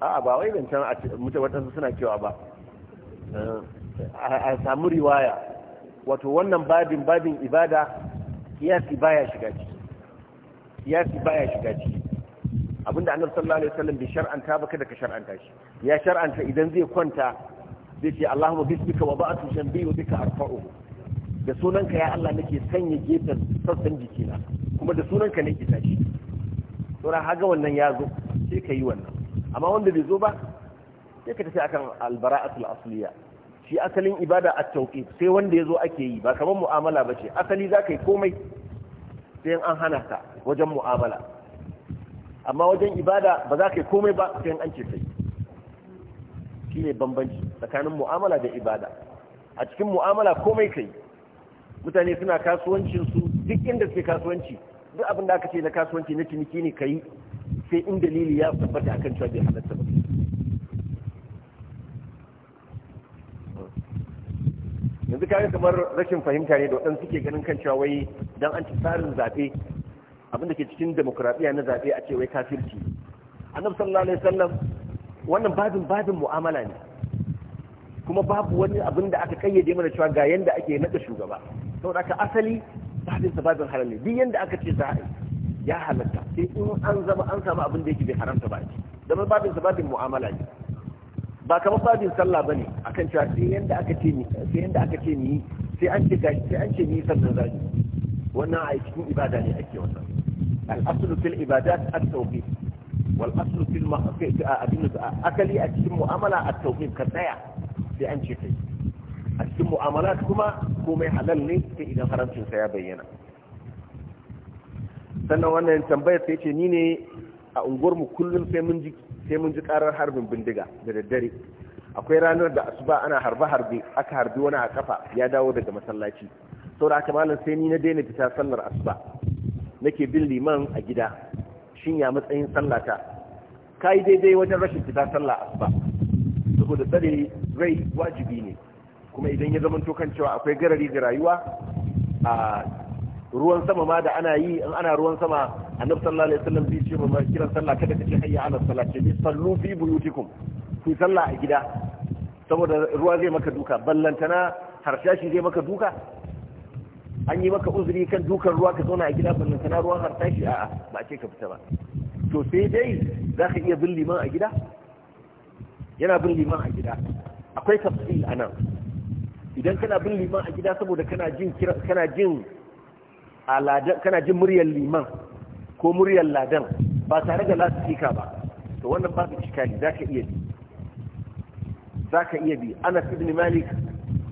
a'a ba wai zancen a mutum waɗansu suna cewa ba eh, a samu riwaya wato wannan babin babin ibada kiyasi baya shiga ciki kiyasi baya shiga ciki abinda annabi sallallahu alaihi wasallam bi shar'anta ba kada ka shar'anta shi ya shar'anta idan zai kwanta zai ce Allahumma bismika wa ba'atu shanbi wa bika arfa'u da sunanka ya Allah nake sanya gefen sassan jikina kuma da sunanka nake tashi saboda haga wannan ya zo sai ka yi wannan amma wanda bai zo ba sai ka tafi akan albara'atul asliya shi asalin ibada at-tawqif sai wanda ya zo ake yi ba kamar mu'amala bace asali za ka komai sai an hana ka wajen mu'amala amma wajen ibada ba za ka yi komai ba sai an ce kai shi ne bambanci tsakanin mu'amala da ibada a cikin mu'amala komai kai mutane suna kasuwancinsu duk inda suke kasuwanci duk abin da aka ce na kasuwanci na ciniki ne kai sai in dalili ya tabbata akan cewa bai halatta ba yanzu kayan kamar rashin fahimta ne da waɗansu suke ganin kan cewa wai don an ci tsarin zaɓe abin da ke cikin demokuraɗiyya na zaɓe a ce wai kafirci annabi sallallahu alaihi wasallam wannan babin babin mu'amala ne kuma babu wani abin da aka kayyade mana cewa ga yanda ake naɗa shugaba saboda aka asali babin sa babin halal ne duk yanda aka ce za a yi ya halatta sai in an zama an samu abin da yake bai haramta ba ce zama babin sa babin mu'amala ne ba kamar babin sallah bane akan cewa sai yanda aka ce ni sai yanda aka ce ni sai an ce gashi sai an ce ni sannan zaki wannan a cikin ibada ne ake wannan al-aslu fil ibadat at-tawqif wal aslu fil ma'qif abin akali a cikin mu'amala at-tawqif ka tsaya sai an ce kai a cikin mu'amala kuma komai halal ne sai idan haramcin sa ya bayyana sannan wannan tambayar sai ce ni ne a unguwarmu kullum sai mun ji sai mun ji karar harbin bindiga da daddare akwai ranar da asuba ana harba harbe aka harbi wani a kafa ya dawo daga masallaci saboda haka malam sai ni na daina fita sallar asuba nake bin liman a gida shin ya matsayin sallata kai daidai wajen rashin fita sallar asuba saboda tsare rai wajibi ne kuma idan ya zama to kan cewa akwai garari da rayuwa a ruwan sama ma da ana yi in ana ruwan sama annabi sallallahu alaihi wasallam zai ce mai kiran sallah kada kace hayya ala salat ce bi sallu fi buyutikum ku sallah a gida saboda ruwa zai maka duka ballantana harshashi zai maka duka an yi maka uzuri kan dukan ruwa ka zauna a gida ballantana ruwan harshashi a'a ba ce ka fita ba to sai dai za ka iya bin liman a gida yana bin liman a gida akwai a nan. idan kana bin liman a gida saboda kana jin kana jin a ladan kana jin muryar liman ko muryar ladan ba tare da lasifika ba to wannan babu cikali za ka iya bi za ka iya bi malik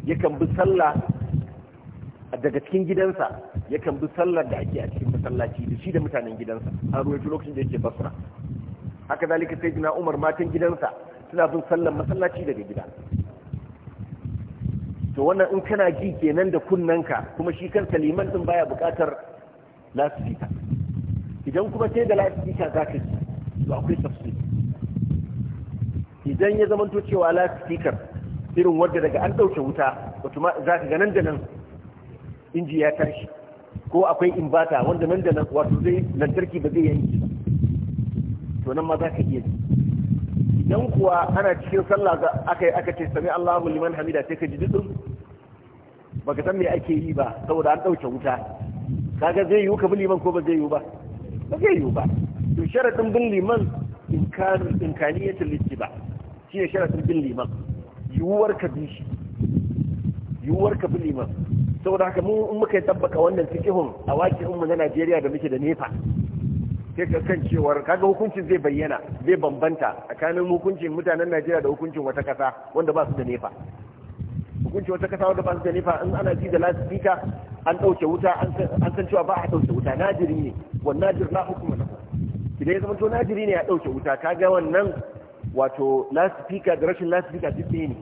yakan bi sallah daga cikin gidansa yakan bi sallar da ake a cikin masallaci da shi da mutanen gidansa an ruwaito lokacin da yake basra haka zalika sai umar matan gidansa suna bin sallar masallaci daga gida to wannan in kana ji kenan da kunnanka kuma shi kan liman din baya bukatar lasifika idan kuma sai da lasifika za ka ji to akwai tafsir idan ya zamanto cewa lasifikar irin wadda daga an ɗauke wuta wato za ka ga nan da nan inji ya tashi ko akwai imbata wanda nan da nan wato zai lantarki ba zai yanki to nan ma za ka iya ji idan kuwa ana cikin sallah aka yi aka ce sami Allahu liman hamida sai ka ji dudun baka san me ake yi ba saboda an ɗauke wuta kaga zai yiwu ka bi liman ko ba zai yiwu ba ba zai yiwu ba to sharaɗin bin liman in inkaniyatul ittiba shine sharaɗin bin liman yiwuwar ka bi shi yiwuwar ka bi liman saboda haka mu in muka tabbaka wannan fikihun a waki Umma na Najeriya da muke da nefa sai ka kan cewar kaga hukuncin zai bayyana zai bambanta tsakanin hukuncin mutanen Najeriya da hukuncin wata ƙasa wanda ba su da nefa hukunci wata kasa wata ba su da nefa in ana ji da lasifika an ɗauke wuta an san cewa ba a ɗauke wuta najiri ne wannan najir na hukuma na idan ya zama to najiri ne ya ɗauke wuta ka ga wannan wato lasifika da rashin lasifika duk ne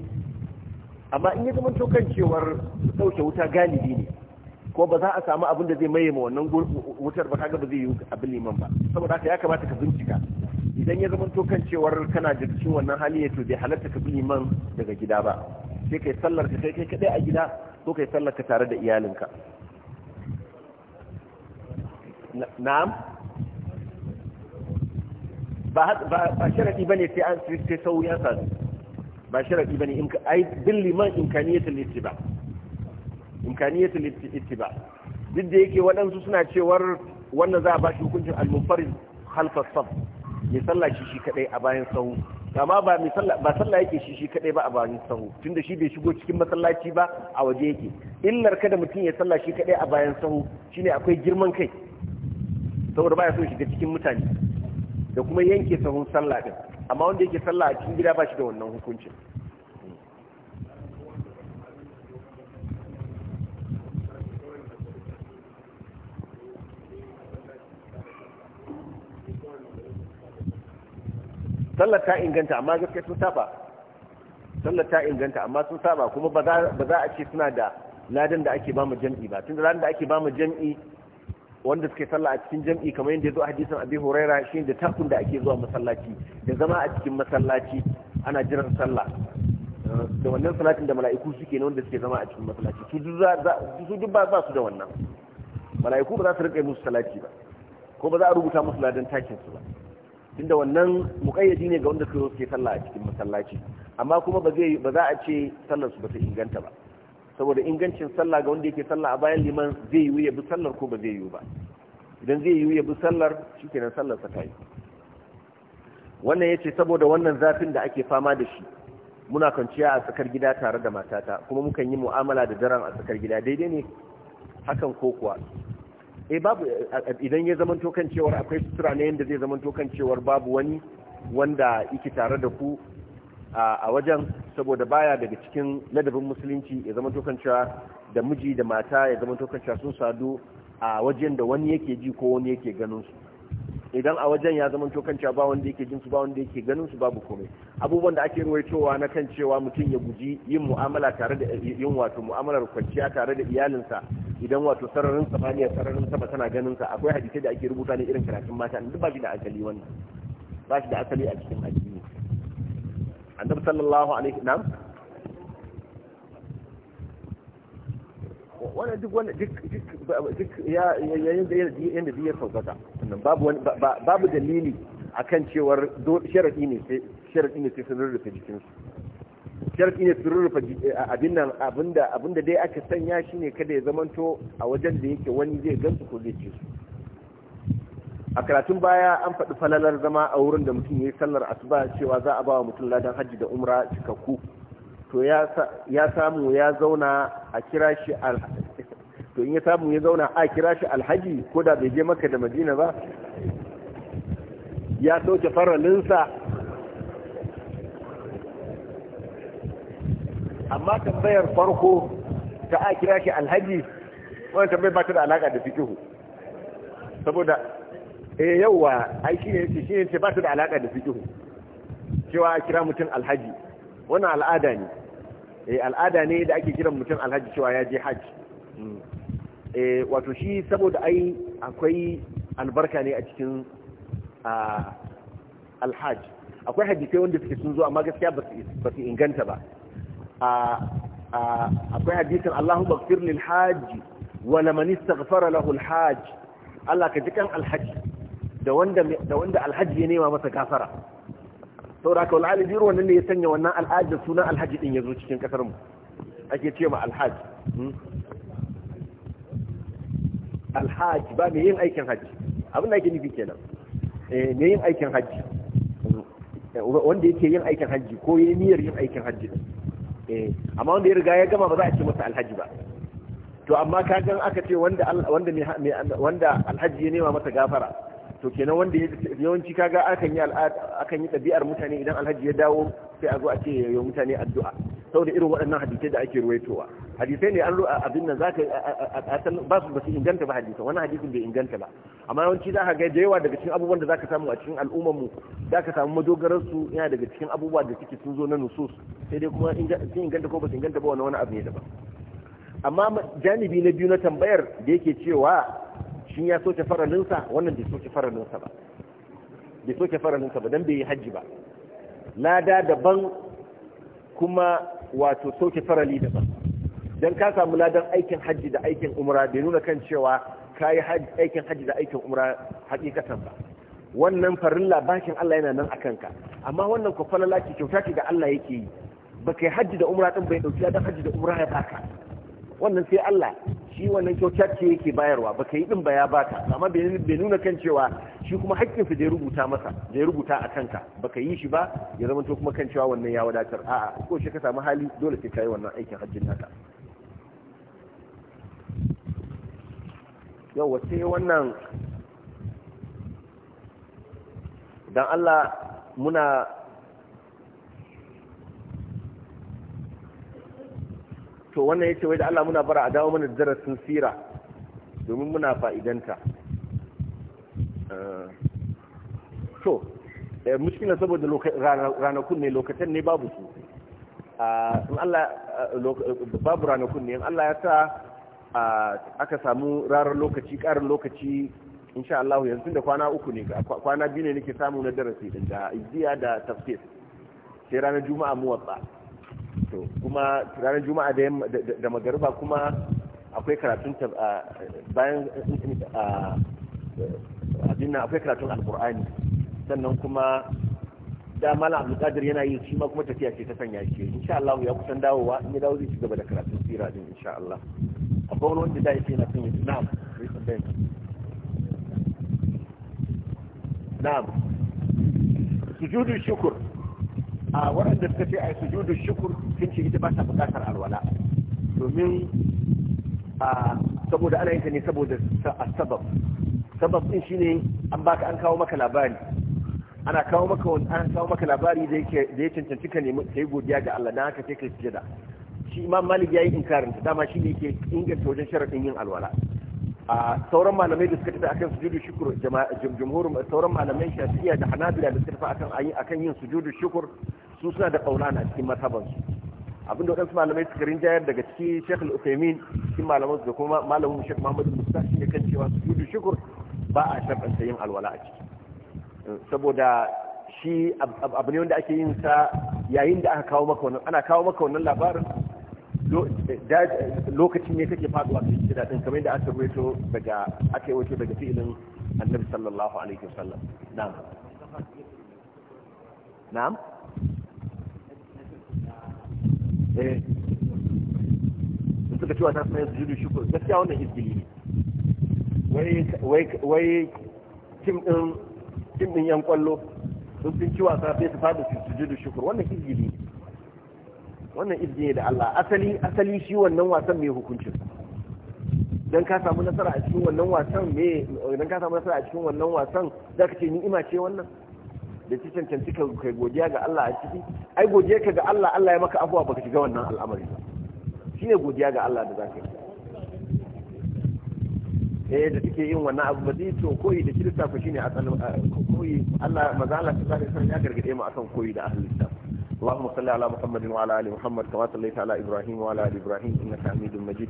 amma in ya zama to kan cewar ɗauke wuta galibi ne ko ba za a samu abin da zai maye ma wannan wutar ba kaga ba zai yi abin liman ba saboda haka ya kamata ka bincika idan ya zama to kan cewar kana jirgin wannan hali ya to bai halatta ka bi liman daga gida ba sai kai sallar ka kai kai kadai a gida ko kai sallar ka tare da iyalinka na'am ba ba sharadi bane sai an sai sauri ya sadu ba sharadi bane in ai bin liman imkaniyatul ittiba imkaniyatul ittiba duk da yake waɗansu suna cewar wannan za a ba shi hukuncin al-munfarid khalfa saf ya sallaci shi kadai a bayan sahu amma ba ba sallah yake shi shi kadai ba a bayan sahu tunda shi bai shigo cikin masallaci ba a waje yake illar kada mutum ya sallah shi kadai a bayan sahu shine akwai girman kai saboda baya so shiga cikin mutane da kuma yanke sahun sallah din amma wanda yake sallah a cikin gida ba shi da wannan hukuncin sallar ta inganta amma gaske sun saba sallar ta inganta amma sun saba kuma ba za a ce suna da ladan da ake bamu jam'i ba tun da ladan da ake bamu jam'i wanda suke sallah a cikin jam'i kamar yadda ya zo a hadisin abi huraira shi da takun da ake zuwa masallaci da zama a cikin masallaci ana jiran sallah da wannan salatin da mala'iku suke wanda suke zama a cikin masallaci su duk ba su da wannan mala'iku ba za su rike musu salati ba ko ba za a rubuta musu ladan takin su ba tunda wannan muƙayyadi ne ga wanda suka ke sallah a cikin masallaci amma kuma ba za a ce sallar su ba ta inganta ba saboda ingancin sallah ga wanda yake sallah a bayan liman zai yiwu ya bi sallar ko ba zai yiwu ba idan zai yiwu ya bi sallar shikenan sallar sa kai wannan yace saboda wannan zafin da ake fama da shi muna kwanciya a tsakar gida tare da matata kuma mukan yi mu'amala da daren a tsakar gida daidai ne hakan ko kuwa eh babu idan ya zama tokan cewar akwai sutura ne yadda zai zama tokan cewar babu wani wanda yake tare da ku a wajen saboda baya daga cikin ladabin musulunci ya zama tokan cewa da miji da mata ya zama tokan cewa sun sadu a wajen da wani yake ji ko wani yake ganin su idan a wajen ya zama to cewa ba wanda yake jin su ba wanda yake ganin su babu komai abubuwan da ake ruwaitowa na kan cewa mutum ya guji yin mu'amala tare da yin wato mu'amalar kwanciya tare da iyalinsa idan wato sararin samaniya sararin sama tana ganin sa akwai hadisi da ake rubuta ne irin karatun mata duk ba shi da asali wannan ba shi da asali a cikin addini annabi sallallahu alaihi wasallam wannan duk wannan duk duk ya yanda ya saukata babu wani babu dalili akan cewar sharadi ne sai sharadi ne sai sun rurrufe jikin su sharadi ne sun rurrufe eh, abin nan abinda abinda dai aka sanya shi ne kada ya zamanto a wajen da yake wani zai gansu ko zai ci su a karatun baya an faɗi falalar zama a wurin da mutum ya yi sallar asuba cewa za a ba wa mutum ladan hajji da umra cikakku to ya samu ya zauna a kira shi to in ya samu ya zauna a kira shi alhaji ko da bai je maka da madina ba ya sauke faralinsa amma tambayar farko ta a kira shi alhaji wani tambayar ba ta da alaƙa da fikihu saboda eh yauwa ai shi ne shi ne ce ba ta da alaƙa da fikihu cewa a kira mutum alhaji wannan al'ada ne eh al'ada ne da ake kiran mutum alhaji cewa ya je Hajji. Mm. eh wato shi saboda ai akwai albarka ne a cikin Alhaji, akwai hadisai wanda suke sun zo amma gaskiya ba su inganta ba akwai hadisin Allahumma ighfir lil hajj wa liman istaghfara lahu al hajj Allah ka ji kan alhaji da wanda da wanda alhaji ya nema masa gafara saboda haka wani alibi wani ne ya sanya wannan alhaji da sunan alhaji din ya zo cikin kasar mu ake ce ma alhaji hmm? alhaji ba mai yin aikin haji abin da ake nufi kenan eh, mai yin aikin haji hmm. wanda yake yin aikin haji ko ya niyyar yin aikin haji eh, amma wanda ya riga ya gama ba za a ce masa alhaji ba to amma ka gan aka ce wanda alhaji ya nema masa gafara to kenan wanda yawanci kaga akan yi akan yi ɗabi'ar mutane idan alhaji ya dawo sai a zo a ce yayin mutane addu'a saboda irin waɗannan hadisai da ake ruwaitowa hadisai ne an ruwa abin nan zaka ba su ba su inganta ba hadisa wannan hadisin bai inganta ba amma yawanci za ka ga da yawa daga cikin abubuwan da zaka samu a cikin al'ummar mu ka samu madogarar su yana daga cikin abubuwa da suke sun zo na nusus sai dai kuma sun inganta ko ba su inganta ba wani abu ne daban amma janibi na biyu na tambayar da yake cewa shi ya soke faralinsa wannan bai soke faralinsa ba bai soke faralinsa ba don bai yi hajji ba lada daban kuma wato soke farali daban don ka samu ladan aikin hajji da aikin umra bai nuna kan cewa ka yi aikin hajji da aikin umra hakikatan ba wannan farilla bakin Allah yana nan a kanka amma wannan ku falala ce kyauta ce da Allah yake yi ba yi hajji da umra ɗin bai ɗauki ladan hajji da umra ya baka wannan sai Allah shi wannan kyautar ce yake bayarwa ba ka yi ɗin ba ya baka amma bai nuna kan cewa shi kuma haƙƙinsa da ya rubuta masa da rubuta a kanka ba ka yi shi ba ya zama to kuma kan cewa wannan ya wadatar a'a ko shi ka samu hali dole sai ka yi wannan aikin hajjin naka yau wace wannan dan Allah muna to wannan yace wai da Allah muna bara a dawo mana darasin sira domin muna fa'idanta eh, to eh, mushkila saboda ranakun ne lokacin ne babu su ah, in Allah eh, babu ranakun ne in Allah ya sa ah, aka samu rarar lokaci ƙarin lokaci insha Allah yanzu da kwana uku ne kwana biyu ne nake samu na darasi da izziya da tafsir sai ranar juma'a muwatsa to kuma ranar juma'a da magariba kuma akwai karatun bayan abin nan akwai karatun alqur'ani sannan kuma da malam abdulkadir yana yi shi ma kuma tafiya ce ta sanya shi insha Allah ya kusan dawowa in ya dawo zai ci gaba da karatun sira din insha Allah akwai wani wanda da yake yana son ya na'am na'am sujudu shukr a waɗanda suka ce a sujudu shukur sun ce ita ba ta buƙatar alwala domin a saboda ana yin ta ne saboda sabab sabab din shine an baka an kawo maka labari ana kawo maka an kawo maka labari da yake da ya cancanci ka nemi kai godiya ga Allah na haka sai kai sujada shi Imam Malik yayi inkarin ta dama shine yake inganta wajen sharadin yin alwala a sauran malamai da suka tafi akan sujudu shukur jama'a jumhurum sauran malamai Shafi'iyya da Hanabila da suka tafi akan akan yin sujudu shukur. su suna da ƙauna a cikin mazhabansu abinda waɗansu malamai suka rinjayar daga cikin shekh al-ufemin cikin malamansu da kuma malamin shekh muhammadu musa shi ne kan cewa su yi shukur ba a shafanta yin alwala a ciki saboda shi abu ne wanda ake yin sa yayin da aka kawo maka wannan ana kawo maka wannan labarin lokacin ne kake faduwa kai cikin daɗin kamar yadda aka rubuto daga aka yi daga fi'ilin annabi sallallahu alaihi wasallam na'am na'am Eh. suka wannan izgili ne wai din yan kwallo sun su fada su sujudu wannan izgili ne wannan izgili da Allah asali shi wannan wasan mai hukuncin dan ka samu nasara a cikin wannan wasan me dan ka samu nasara a cikin wannan wasan zaka ce ima ce wannan da ci cancanci ka kai godiya ga Allah a ciki ai godiya ka ga Allah Allah ya maka abuwa baka shiga wannan al'amari ba shine godiya ga Allah da zaka yi eh da take yin wannan abu ba zai to koyi da kirista ko shine asalin koyi Allah maza ta ta san ya gargade mu akan koyi da ahlul kitab اللهم صل على محمد وعلى ال محمد كما صليت على ابراهيم وعلى ال ابراهيم انك حميد مجيد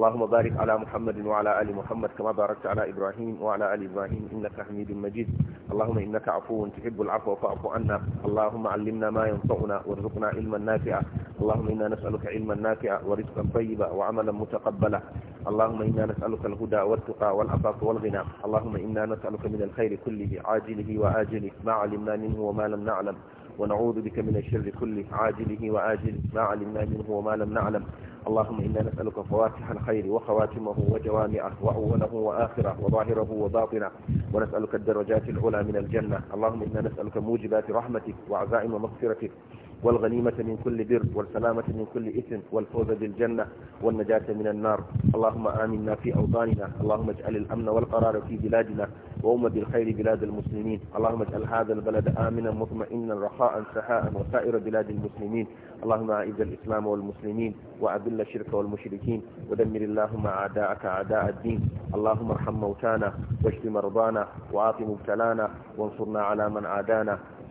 اللهم بارك على محمد وعلى آل محمد كما باركت على إبراهيم وعلى آل إبراهيم إنك حميد مجيد اللهم إنك عفو تحب العفو فاعف عنا اللهم علمنا ما ينفعنا وارزقنا علما نافعا اللهم إنا نسألك علما نافعا ورزقا طيبا وعملا متقبلا اللهم إنا نسألك الهدى والتقى والعفاف والغنى اللهم إنا نسألك من الخير كله عاجله وآجله ما علمنا منه وما لم نعلم ونعوذ بك من الشر كله عاجله وآجله ما علمنا منه وما لم نعلم اللهم إنا نسألك فواتح الخير وخواتمه وجوامعه وأوله وآخره وظاهره وباطنه ونسألك الدرجات العلى من الجنة اللهم إنا نسألك موجبات رحمتك وعزائم مغفرتك والغنيمة من كل بر والسلامة من كل إثم والفوز بالجنة والنجاة من النار اللهم آمنا في أوطاننا اللهم اجعل الأمن والقرار في بلادنا وأم بالخير بلاد المسلمين اللهم اجعل هذا البلد آمنا مطمئنا رخاء سحاء وسائر بلاد المسلمين اللهم أعز الإسلام والمسلمين وأذل الشرك والمشركين ودمر اللهم أعداءك أعداء الدين اللهم ارحم موتانا واشف مرضانا وعاف مبتلانا وانصرنا على من عادانا